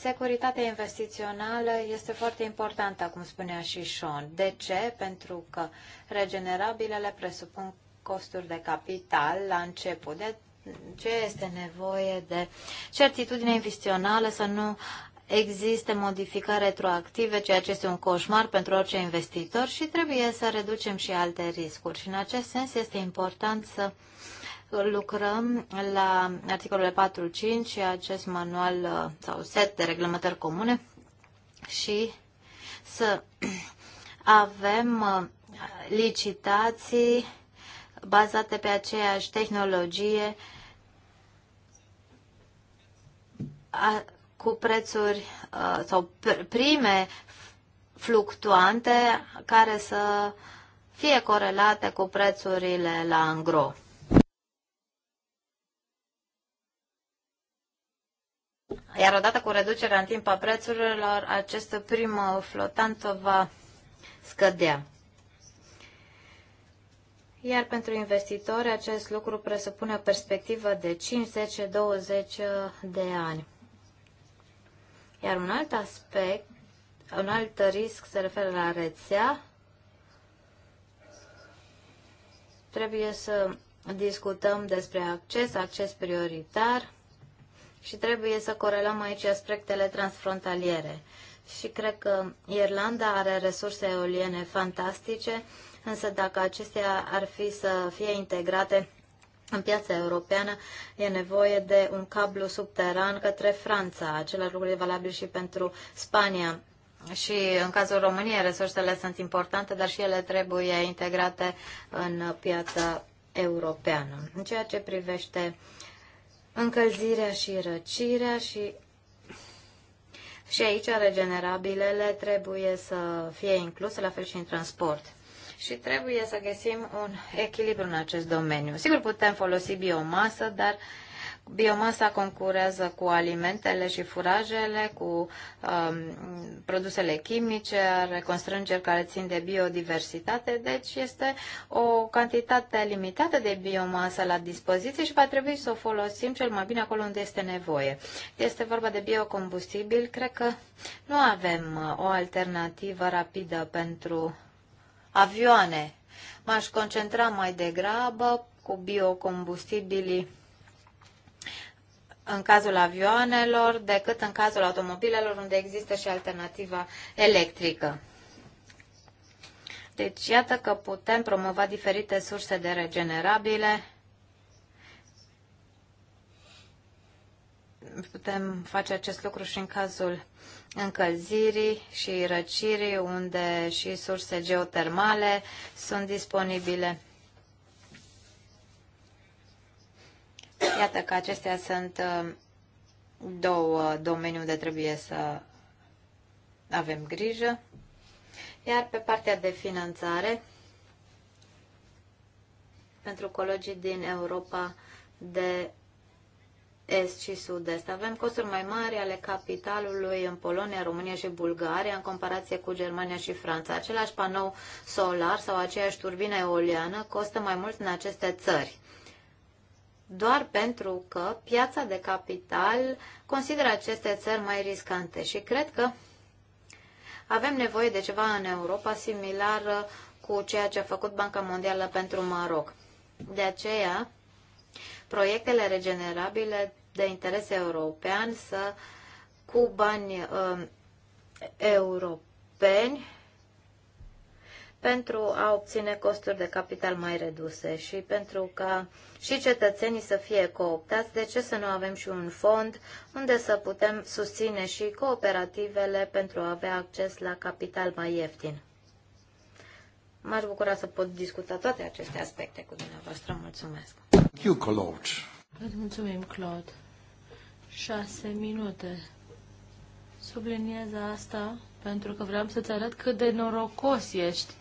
Securitatea investițională este foarte importantă, cum spunea și Sean. De ce? Pentru că regenerabilele presupun costuri de capital la început. De ce este nevoie de certitudine investițională să nu există modificări retroactive, ceea ce este un coșmar pentru orice investitor și trebuie să reducem și alte riscuri. Și în acest sens este important să uh, lucrăm la articolele 4.5 și acest manual uh, sau set de reglementări comune și să (clears throat) avem uh, licitații bazate pe aceeași tehnologie cu prețuri uh, sau prime fluctuante care să fie corelate cu prețurile la angro. Iar odată cu reducerea în timp a prețurilor, acest prim flotant va scădea. Iar pentru investitori acest lucru presupune o perspectivă de 5-10-20 de ani. Iar un alt aspect, un alt risc se referă la rețea. Trebuie să discutăm despre acces, acces prioritar și trebuie să corelăm aici aspectele transfrontaliere. Și cred că Irlanda are resurse eoliene fantastice, însă dacă acestea ar fi să fie integrate în piața europeană, e nevoie de un cablu subteran către Franța. Același lucru e valabil și pentru Spania. Și în cazul României, resursele sunt importante, dar și ele trebuie integrate în piața europeană. În ceea ce privește uh, încălzirea și răcirea și și aici regenerabilele trebuie să fie incluse, la fel și în transport. Și trebuie să găsim un echilibru în acest domeniu. Sigur, putem folosi biomasă, dar uh, Biomasa concurează cu alimentele și furajele, cu um, produsele chimice, are constrângeri care țin de biodiversitate, deci este o cantitate limitată de biomasă la dispoziție și va trebui să o folosim cel mai bine acolo unde este nevoie. Este vorba de biocombustibil, cred că nu avem uh, o alternativă rapidă pentru avioane. M-aș concentra mai degrabă cu biocombustibilii în cazul avioanelor decât în cazul automobilelor unde există și alternativa electrică. Deci iată că putem promova diferite surse de regenerabile, putem face acest lucru și în cazul încălzirii și răcirii, unde și surse geotermale sunt disponibile. Iată că acestea sunt uh, două domenii unde trebuie să avem grijă. Iar pe partea de finanțare, pentru colegii din Europa de Est și Sud-Est. Avem costuri mai mari ale capitalului în Polonia, România și Bulgaria în comparație cu Germania și Franța. Același panou solar sau aceeași turbină eoliană costă mai mult în aceste țări doar pentru că piața de capital consideră aceste țări mai riscante și cred că avem nevoie de ceva în Europa similar uh, cu ceea ce a făcut Banca Mondială pentru Maroc. De aceea, proiectele regenerabile de interes european să cu bani uh, europeni pentru a obține costuri de capital mai reduse și pentru ca și cetățenii să fie cooptați, de ce să nu avem și un fond unde să putem susține și cooperativele pentru a avea acces la capital mai ieftin? M-aș bucura să pot discuta toate aceste aspecte cu dumneavoastră. Mulțumesc! You, Claude. mulțumim, Claude. Șase minute. Subliniez asta pentru că vreau să-ți arăt cât de norocos ești.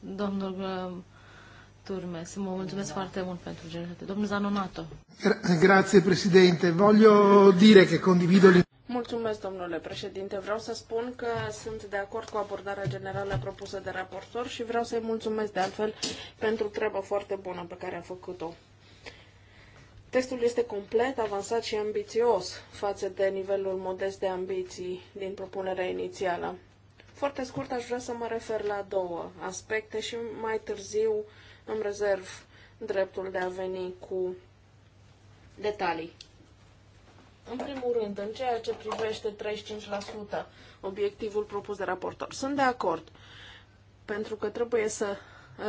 Domnul uh, Turme, să mă mulțumesc foarte mult pentru generalitate. Domnul Zanonato. Grazie, președinte. Voglio dire că condivido Mulțumesc, domnule președinte. Vreau să spun că sunt de acord cu abordarea generală propusă de raportor și vreau să-i mulțumesc de altfel pentru treaba foarte bună pe care a făcut-o. Textul este complet, avansat și ambițios față de nivelul modest de ambiții din propunerea inițială. Foarte scurt aș vrea să mă refer la două aspecte și mai târziu îmi rezerv dreptul de a veni cu detalii. În primul rând, în ceea ce privește 35% obiectivul propus de raportor, sunt de acord, pentru că trebuie să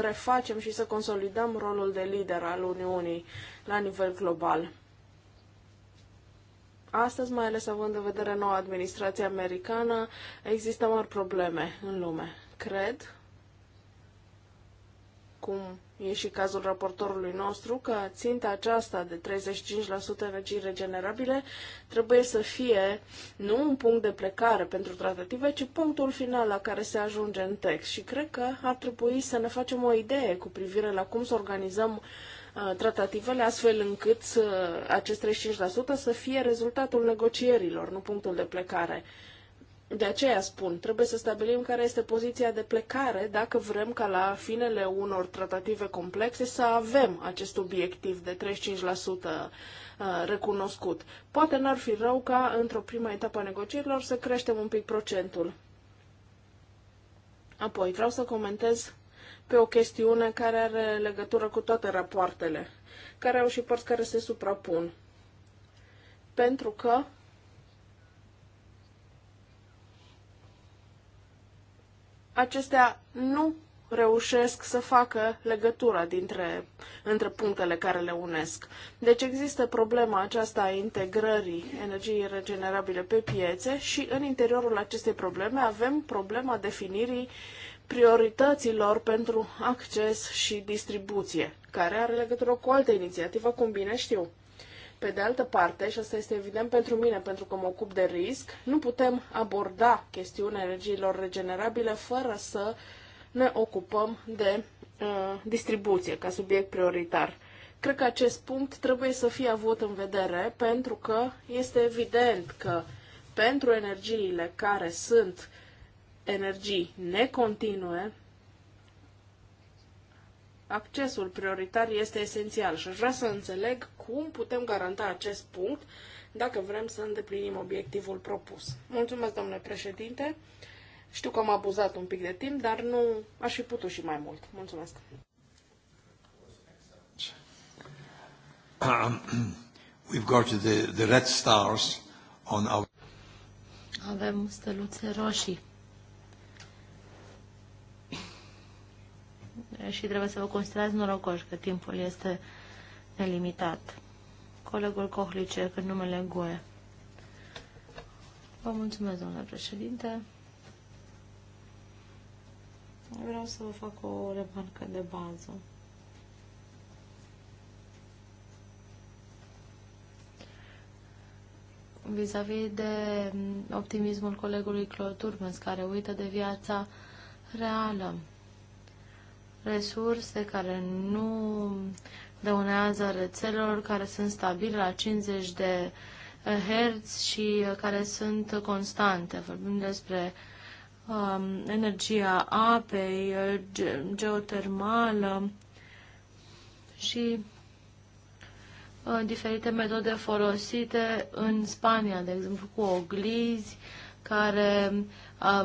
refacem și să consolidăm rolul de lider al Uniunii la nivel global. Astăzi, mai ales având în vedere noua administrație americană, există mari probleme în lume. Cred, cum e și cazul raportorului nostru, că ținta aceasta de 35% energii regenerabile trebuie să fie nu un punct de plecare pentru tratative, ci punctul final la care se ajunge în text. Și cred că ar trebui să ne facem o idee cu privire la cum să organizăm uh, Uh, tratativele astfel încât să, uh, acest 35% să fie rezultatul negocierilor, nu punctul de plecare. De aceea spun, trebuie să stabilim care este poziția de plecare dacă vrem ca la finele unor tratative complexe să avem acest obiectiv de 35% uh, recunoscut. Poate n-ar fi rău ca într-o prima etapă a negocierilor să creștem un pic procentul. Apoi, vreau să comentez pe o chestiune care are legătură cu toate rapoartele, care au și părți care se suprapun. Pentru că acestea nu reușesc să facă legătura dintre, între punctele care le unesc. Deci există problema aceasta a integrării energiei regenerabile pe piețe și în interiorul acestei probleme avem problema definirii uh, priorităților pentru acces și distribuție, care are legătură cu altă inițiativă, cum bine știu. Pe de altă parte, și asta este evident pentru mine, pentru că mă ocup de risc, nu putem aborda chestiunea energiilor regenerabile fără să ne ocupăm de uh, distribuție ca subiect prioritar. Cred că acest punct trebuie să fie avut în vedere pentru că este evident că pentru energiile care sunt energii necontinue, accesul prioritar este esențial și aș vrea să înțeleg cum putem garanta acest punct dacă vrem să îndeplinim obiectivul propus. Mulțumesc, domnule președinte. Știu că am abuzat un pic de timp, dar nu aș fi putut și mai mult. Mulțumesc. Um, we've got the, the red stars on our... Avem steluțe roșii și trebuie să vă considerați norocoși că timpul este nelimitat. Colegul Cohlice, în numele Goe. Vă mulțumesc, domnule președinte. Vreau să vă fac o remarcă de bază. vis-a-vis -vis de optimismul colegului Cloturmes, care uită de viața reală resurse care nu dăunează rețelelor, care sunt stabile la 50 de eh, herți și eh, care sunt constante. Vorbim despre um, energia apei, eh, ge- geotermală și diferite metode folosite în Spania, de exemplu cu oglizi care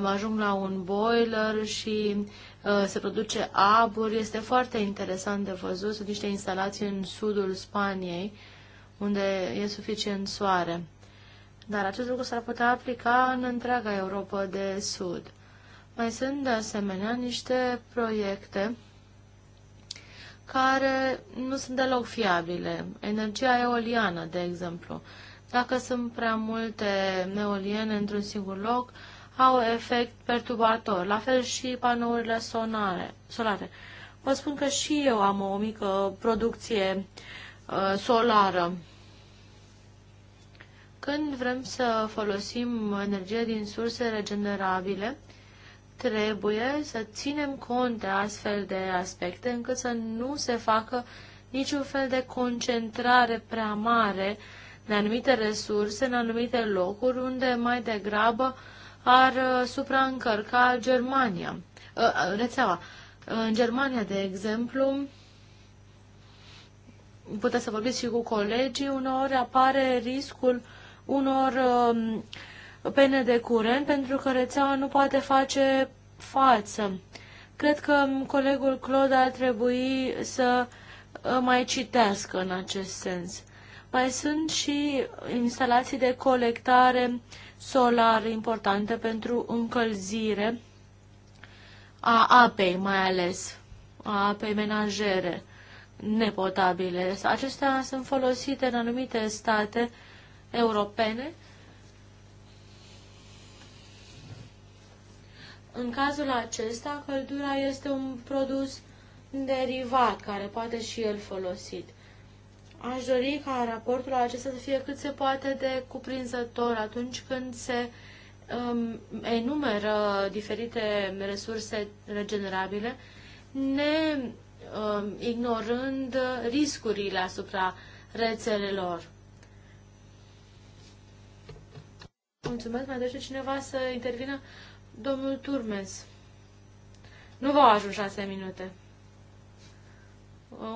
ajung la un boiler și Uh, se produce abur, este foarte interesant de văzut. Sunt niște instalații în sudul Spaniei, unde e suficient soare. Dar acest lucru s-ar putea aplica în întreaga Europa de Sud. Mai sunt de asemenea niște proiecte care nu sunt deloc fiabile. Energia eoliană, de exemplu. Dacă sunt prea multe eoliene într-un singur loc, uh, au efect perturbator, la fel și panourile sonare, solare. Vă spun că și eu am o mică producție uh, solară. Când vrem să folosim energie din surse regenerabile, trebuie să ținem cont de astfel de aspecte încât să nu se facă niciun fel de concentrare prea mare de anumite resurse în anumite locuri unde mai degrabă uh, ar uh, supraîncărca Germania, uh, uh, rețeaua. În Germania, de exemplu, puteți să vorbiți și cu colegii, uneori apare riscul unor um, pene de curent pentru că rețeaua nu poate face față. Cred că colegul Claude ar trebui să mai citească în acest sens. Mai sunt și instalații de colectare uh, solare importante pentru încălzire a apei, mai ales a apei menajere nepotabile. Acestea sunt folosite în anumite state europene. În cazul acesta, căldura este un produs derivat care poate și el folosit. Aș dori ca raportul acesta să fie cât se poate de cuprinzător atunci când se um, enumeră diferite resurse regenerabile, ne um, ignorând riscurile asupra rețelelor. Mulțumesc, mai dește cineva să intervină? Domnul Turmes. Nu v-au ajuns șase minute.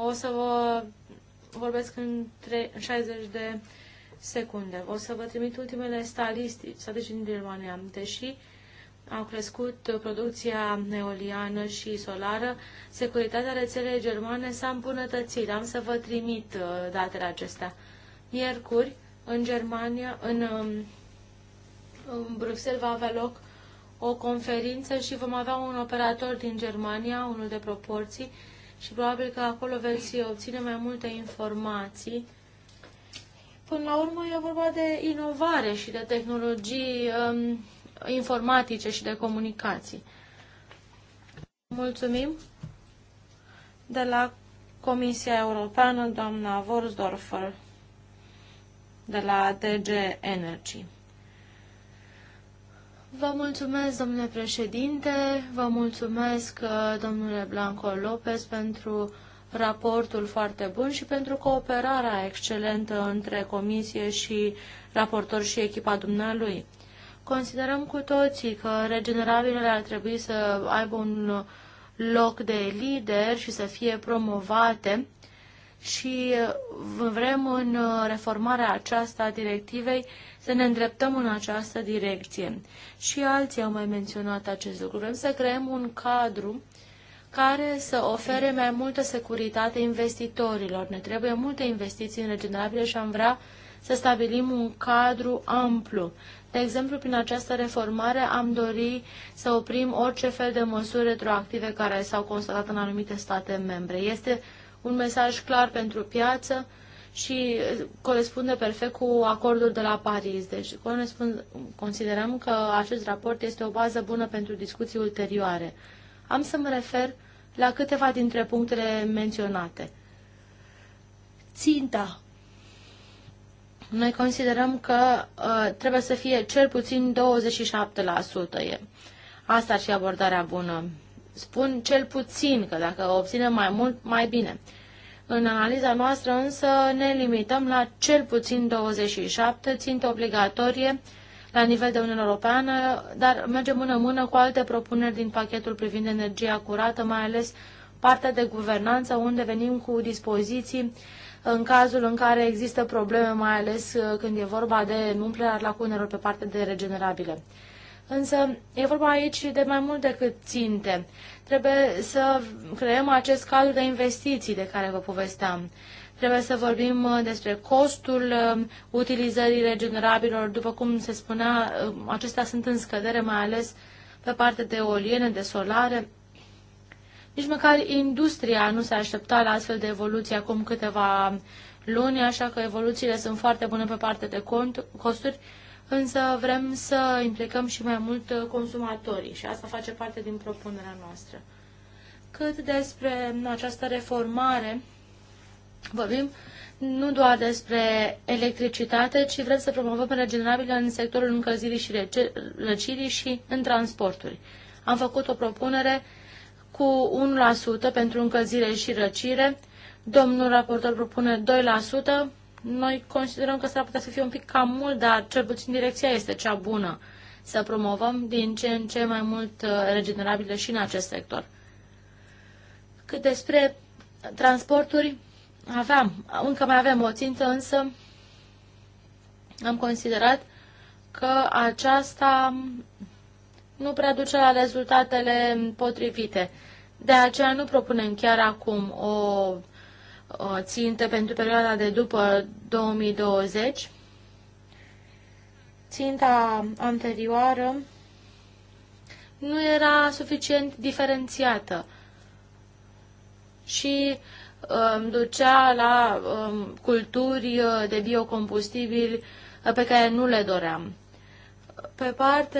O să vă vorbesc în, tre- în 60 de secunde. O să vă trimit ultimele statistici, statistici din Germania. Deși au crescut producția eoliană și solară, securitatea rețelei germane s-a îmbunătățit. Am să vă trimit uh, datele acestea. Miercuri, în Germania, în, um, în Bruxelles va avea loc o conferință și vom avea un operator din Germania, unul de proporții, și probabil că acolo veți obține mai multe informații. Până la urmă e vorba de inovare și de tehnologii um, informatice și de comunicații. Mulțumim de la Comisia Europeană, doamna Vorsdorfer, de la DG Energy. Vă mulțumesc, domnule președinte, vă mulțumesc, uh, domnule Blanco Lopez, pentru raportul foarte bun și pentru cooperarea excelentă între comisie și raportor și echipa dumnealui. Considerăm cu toții că regenerabilele ar trebui să aibă un loc de lider și să fie promovate și vrem în uh, reformarea aceasta a directivei să ne îndreptăm în această direcție. Și alții au mai menționat acest lucru. Vrem să creăm un cadru care să ofere mai multă securitate investitorilor. Ne trebuie multe investiții în regenerabile și am vrea să stabilim un cadru amplu. De exemplu, prin această reformare am dori să oprim orice fel de măsuri retroactive care s-au constatat în anumite state membre. Este un mesaj clar pentru piață și eh, corespunde perfect cu acordul de la Paris. Deci considerăm că acest raport este o bază bună pentru discuții ulterioare. Am să mă refer la câteva dintre punctele menționate. Ținta. Noi considerăm că uh, trebuie să fie cel puțin 27%. E. Asta ar fi abordarea bună. Spun cel puțin, că dacă obținem mai mult, mai bine. În analiza noastră însă ne limităm la cel puțin 27 ținte obligatorie la nivel de Uniune Europeană, dar mergem mână-mână cu alte propuneri din pachetul privind energia curată, mai ales partea de guvernanță, unde venim cu dispoziții în cazul în care există probleme, mai ales când e vorba de umplerea lacunelor pe partea de regenerabile. Însă e vorba aici de mai mult decât ținte. Trebuie să creăm acest cadru de investiții de care vă povesteam. Trebuie să vorbim uh, despre costul uh, utilizării regenerabilor. După cum se spunea, uh, acestea sunt în scădere, mai ales pe partea de eoliene, de solare. Nici măcar industria nu se aștepta la astfel de evoluție acum câteva luni, așa că evoluțiile sunt foarte bune pe partea de costuri însă vrem să implicăm și mai mult uh, consumatorii și asta face parte din propunerea noastră. Cât despre această reformare, vorbim nu doar despre electricitate, ci vrem să promovăm regenerabilă în sectorul încălzirii și răcirii și în transporturi. Am făcut o propunere cu 1% pentru încălzire și răcire. Domnul raportor propune 2%, noi considerăm că s-ar putea să fie un pic cam mult, dar cel puțin direcția este cea bună. Să promovăm din ce în ce mai mult uh, regenerabile și în acest sector. Cât despre transporturi, aveam, încă mai avem o țintă, însă am considerat că aceasta nu prea duce la rezultatele potrivite. De aceea nu propunem chiar acum o ținte pentru perioada de după 2020. Ținta anterioară nu era suficient diferențiată și um, ducea la um, culturi uh, de biocombustibili uh, pe care nu le doream. Pe parte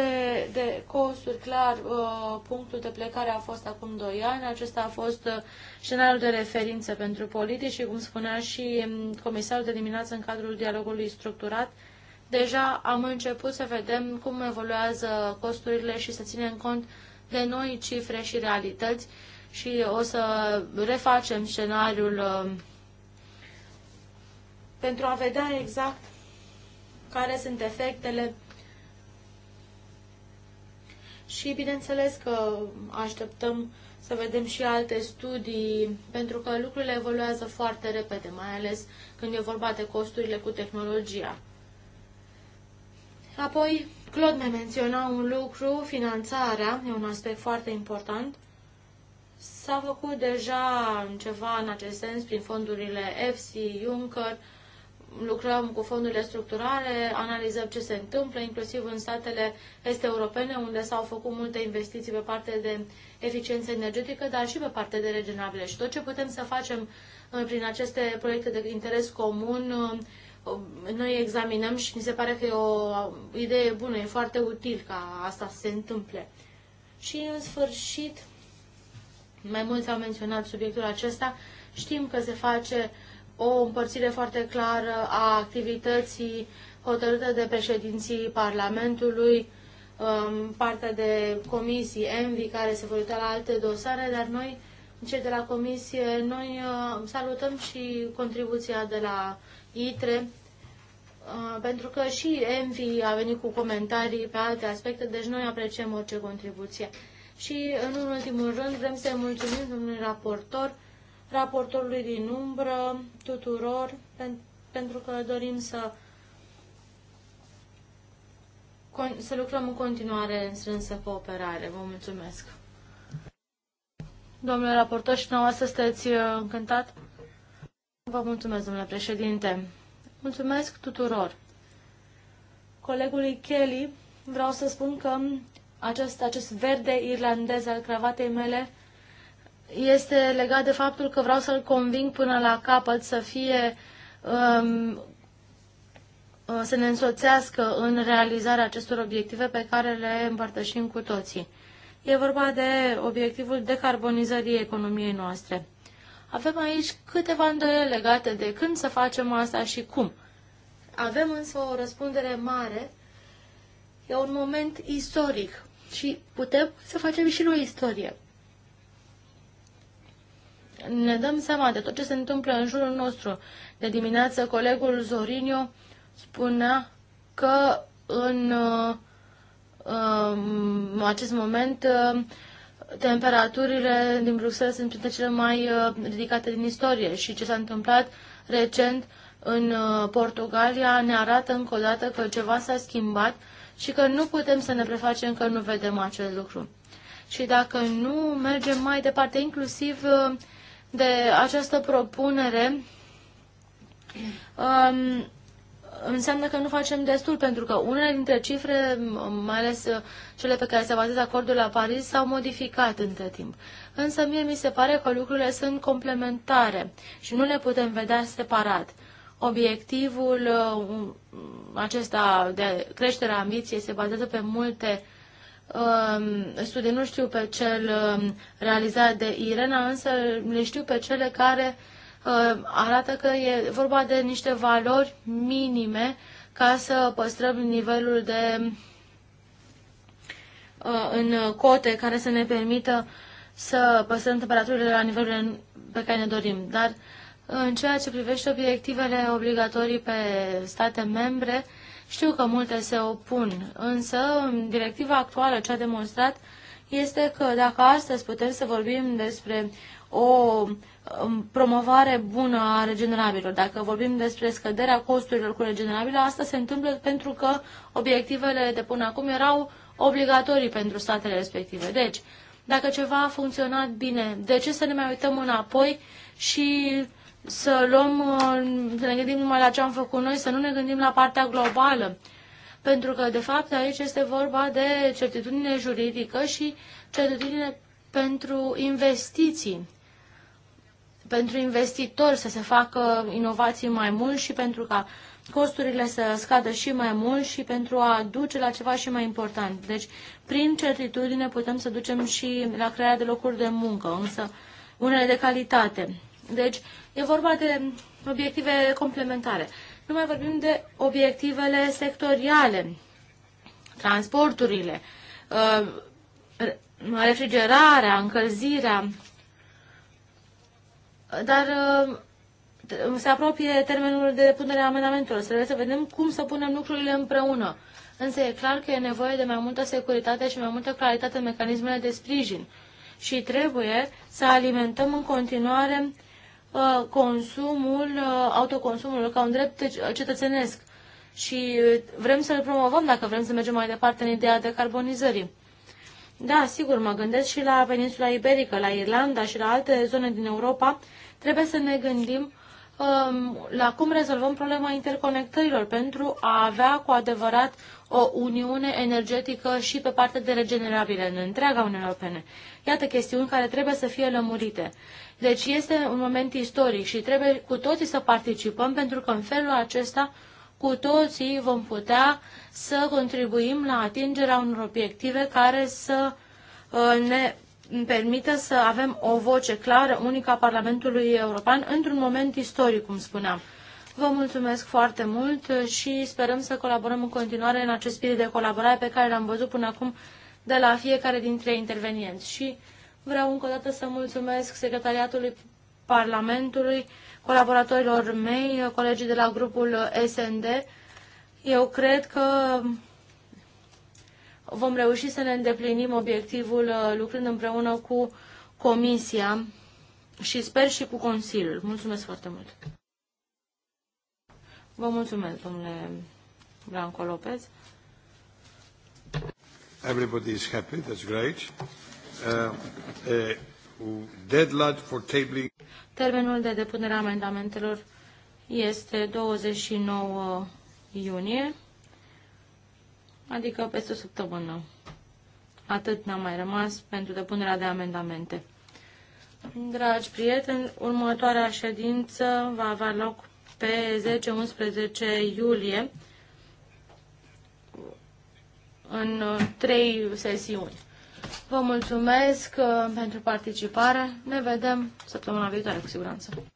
de costuri, clar, uh, punctul de plecare a fost acum 2 ani. Acesta a fost uh, scenariul de referință pentru politici și, cum spunea și um, comisarul de dimineață în cadrul dialogului structurat, deja am început să vedem cum evoluează costurile și să ținem cont de noi cifre și realități și o să refacem scenariul um, pentru a vedea exact care sunt efectele și bineînțeles că așteptăm să vedem și alte studii, pentru că lucrurile evoluează foarte repede, mai ales când e vorba de costurile cu tehnologia. Apoi, Claude mi-a menționat un lucru, finanțarea, e un aspect foarte important. S-a făcut deja ceva în acest sens prin fondurile EFSI, Juncker, lucrăm cu fondurile structurale, analizăm ce se întâmplă, inclusiv în statele este europene, unde s-au făcut multe investiții pe partea de eficiență energetică, dar și pe partea de regenerabile. Și tot ce putem să facem uh, prin aceste proiecte de interes comun, uh, noi examinăm și mi se pare că e o uh, idee bună, e foarte util ca asta să se întâmple. Și în sfârșit, mai mulți au menționat subiectul acesta, știm că se face uh, o împărțire foarte clară a activității hotărâtă de președinții Parlamentului, um, partea de comisii ENVI care se vor uita la alte dosare, dar noi, cei de la comisie, noi uh, salutăm și contribuția de la ITRE, uh, pentru că și ENVI a venit cu comentarii pe alte aspecte, deci noi apreciem orice contribuție. Și, în ultimul rând, vrem să mulțumim domnului raportor, raportorului din umbră, tuturor, pentru că dorim să, să lucrăm în continuare în strânsă cooperare. Vă mulțumesc! Domnule raportor, și nouă sunteți uh, încântat? Vă mulțumesc, domnule președinte. Mulțumesc tuturor. Colegului Kelly, vreau să spun că acest, acest verde irlandez al cravatei mele este legat de faptul că vreau să-l conving până la capăt să fie um, să ne însoțească în realizarea acestor obiective pe care le împărtășim cu toții. E vorba de obiectivul decarbonizării economiei noastre. Avem aici câteva îndoieli legate de când să facem asta și cum. Avem însă o răspundere mare, e un moment istoric și putem să facem și noi istorie ne dăm seama de tot ce se întâmplă în jurul nostru. De dimineață, colegul Zorinio spunea că în uh, uh, acest moment uh, temperaturile din Bruxelles sunt printre cele mai uh, ridicate din istorie și ce s-a întâmplat recent în uh, Portugalia ne arată încă o dată că ceva s-a schimbat și că nu putem să ne prefacem că nu vedem acest lucru. Și dacă nu mergem mai departe, inclusiv uh, de această propunere um, înseamnă că nu facem destul, pentru că unele dintre cifre, um, mai ales uh, cele pe care se bazează acordul la Paris, s-au modificat între timp. Însă mie mi se pare că lucrurile sunt complementare și nu le putem vedea separat. Obiectivul uh, acesta de creșterea ambiției se bazează pe multe Um, studii nu știu pe cel um, realizat de Irena, însă le știu pe cele care uh, arată că e vorba de niște valori minime ca să păstrăm nivelul de uh, în cote care să ne permită să păstrăm temperaturile la nivelul pe care ne dorim. Dar în ceea ce privește obiectivele obligatorii pe state membre, știu că multe se opun, însă directiva actuală ce a demonstrat este că dacă astăzi putem să vorbim despre o um, promovare bună a regenerabilor. Dacă vorbim despre scăderea costurilor cu regenerabile, asta se întâmplă pentru că obiectivele de până acum erau obligatorii pentru statele respective. Deci, dacă ceva a funcționat bine, de ce să ne mai uităm înapoi și să luăm, uh, să ne gândim numai la ce am făcut noi, să nu ne gândim la partea globală. Pentru că, de fapt, aici este vorba de certitudine juridică și certitudine pentru investiții. Pentru investitori să se facă inovații mai mult și pentru ca costurile să scadă și mai mult și pentru a duce la ceva și mai important. Deci, prin certitudine putem să ducem și la crearea de locuri de muncă, însă unele de calitate. Deci, e vorba de obiective complementare. Nu mai vorbim de obiectivele sectoriale, transporturile, uh, refrigerarea, încălzirea, dar uh, se apropie termenul de punere a amendamentelor. Trebuie să vedem cum să punem lucrurile împreună. Însă e clar că e nevoie de mai multă securitate și mai multă claritate în mecanismele de sprijin. Și trebuie să alimentăm în continuare Uh, consumul, uh, autoconsumul ca un drept cetățenesc și vrem să-l promovăm dacă vrem să mergem mai departe în ideea decarbonizării. Da, sigur, mă gândesc și la peninsula iberică, la Irlanda și la alte zone din Europa. Trebuie să ne gândim Um, la cum rezolvăm problema interconectărilor pentru a avea cu adevărat o uniune energetică și pe partea de regenerabile în întreaga Uniune Europene. Iată chestiuni care trebuie să fie lămurite. Deci este un moment istoric și trebuie cu toții să participăm pentru că în felul acesta cu toții vom putea să contribuim la atingerea unor obiective care să uh, ne permită să avem o voce clară unică a Parlamentului European într-un moment istoric, cum spuneam. Vă mulțumesc foarte mult și sperăm să colaborăm în continuare în acest spirit de colaborare pe care l-am văzut până acum de la fiecare dintre intervenienți. Și vreau încă o dată să mulțumesc Secretariatului Parlamentului, colaboratorilor mei, colegii de la grupul SND. Eu cred că vom reuși să ne îndeplinim obiectivul uh, lucrând împreună cu Comisia și sper și cu Consiliul. Mulțumesc foarte mult! Vă mulțumesc, domnule Blanco Lopez. Everybody is happy, that's great. Uh, uh, deadline for tabling... Termenul de depunere a amendamentelor este 29 iunie adică peste o săptămână. Atât n-a mai rămas pentru depunerea de amendamente. Dragi prieteni, următoarea ședință va avea loc pe 10-11 iulie în uh, trei sesiuni. Vă mulțumesc uh, pentru participare. Ne vedem săptămâna viitoare, cu siguranță.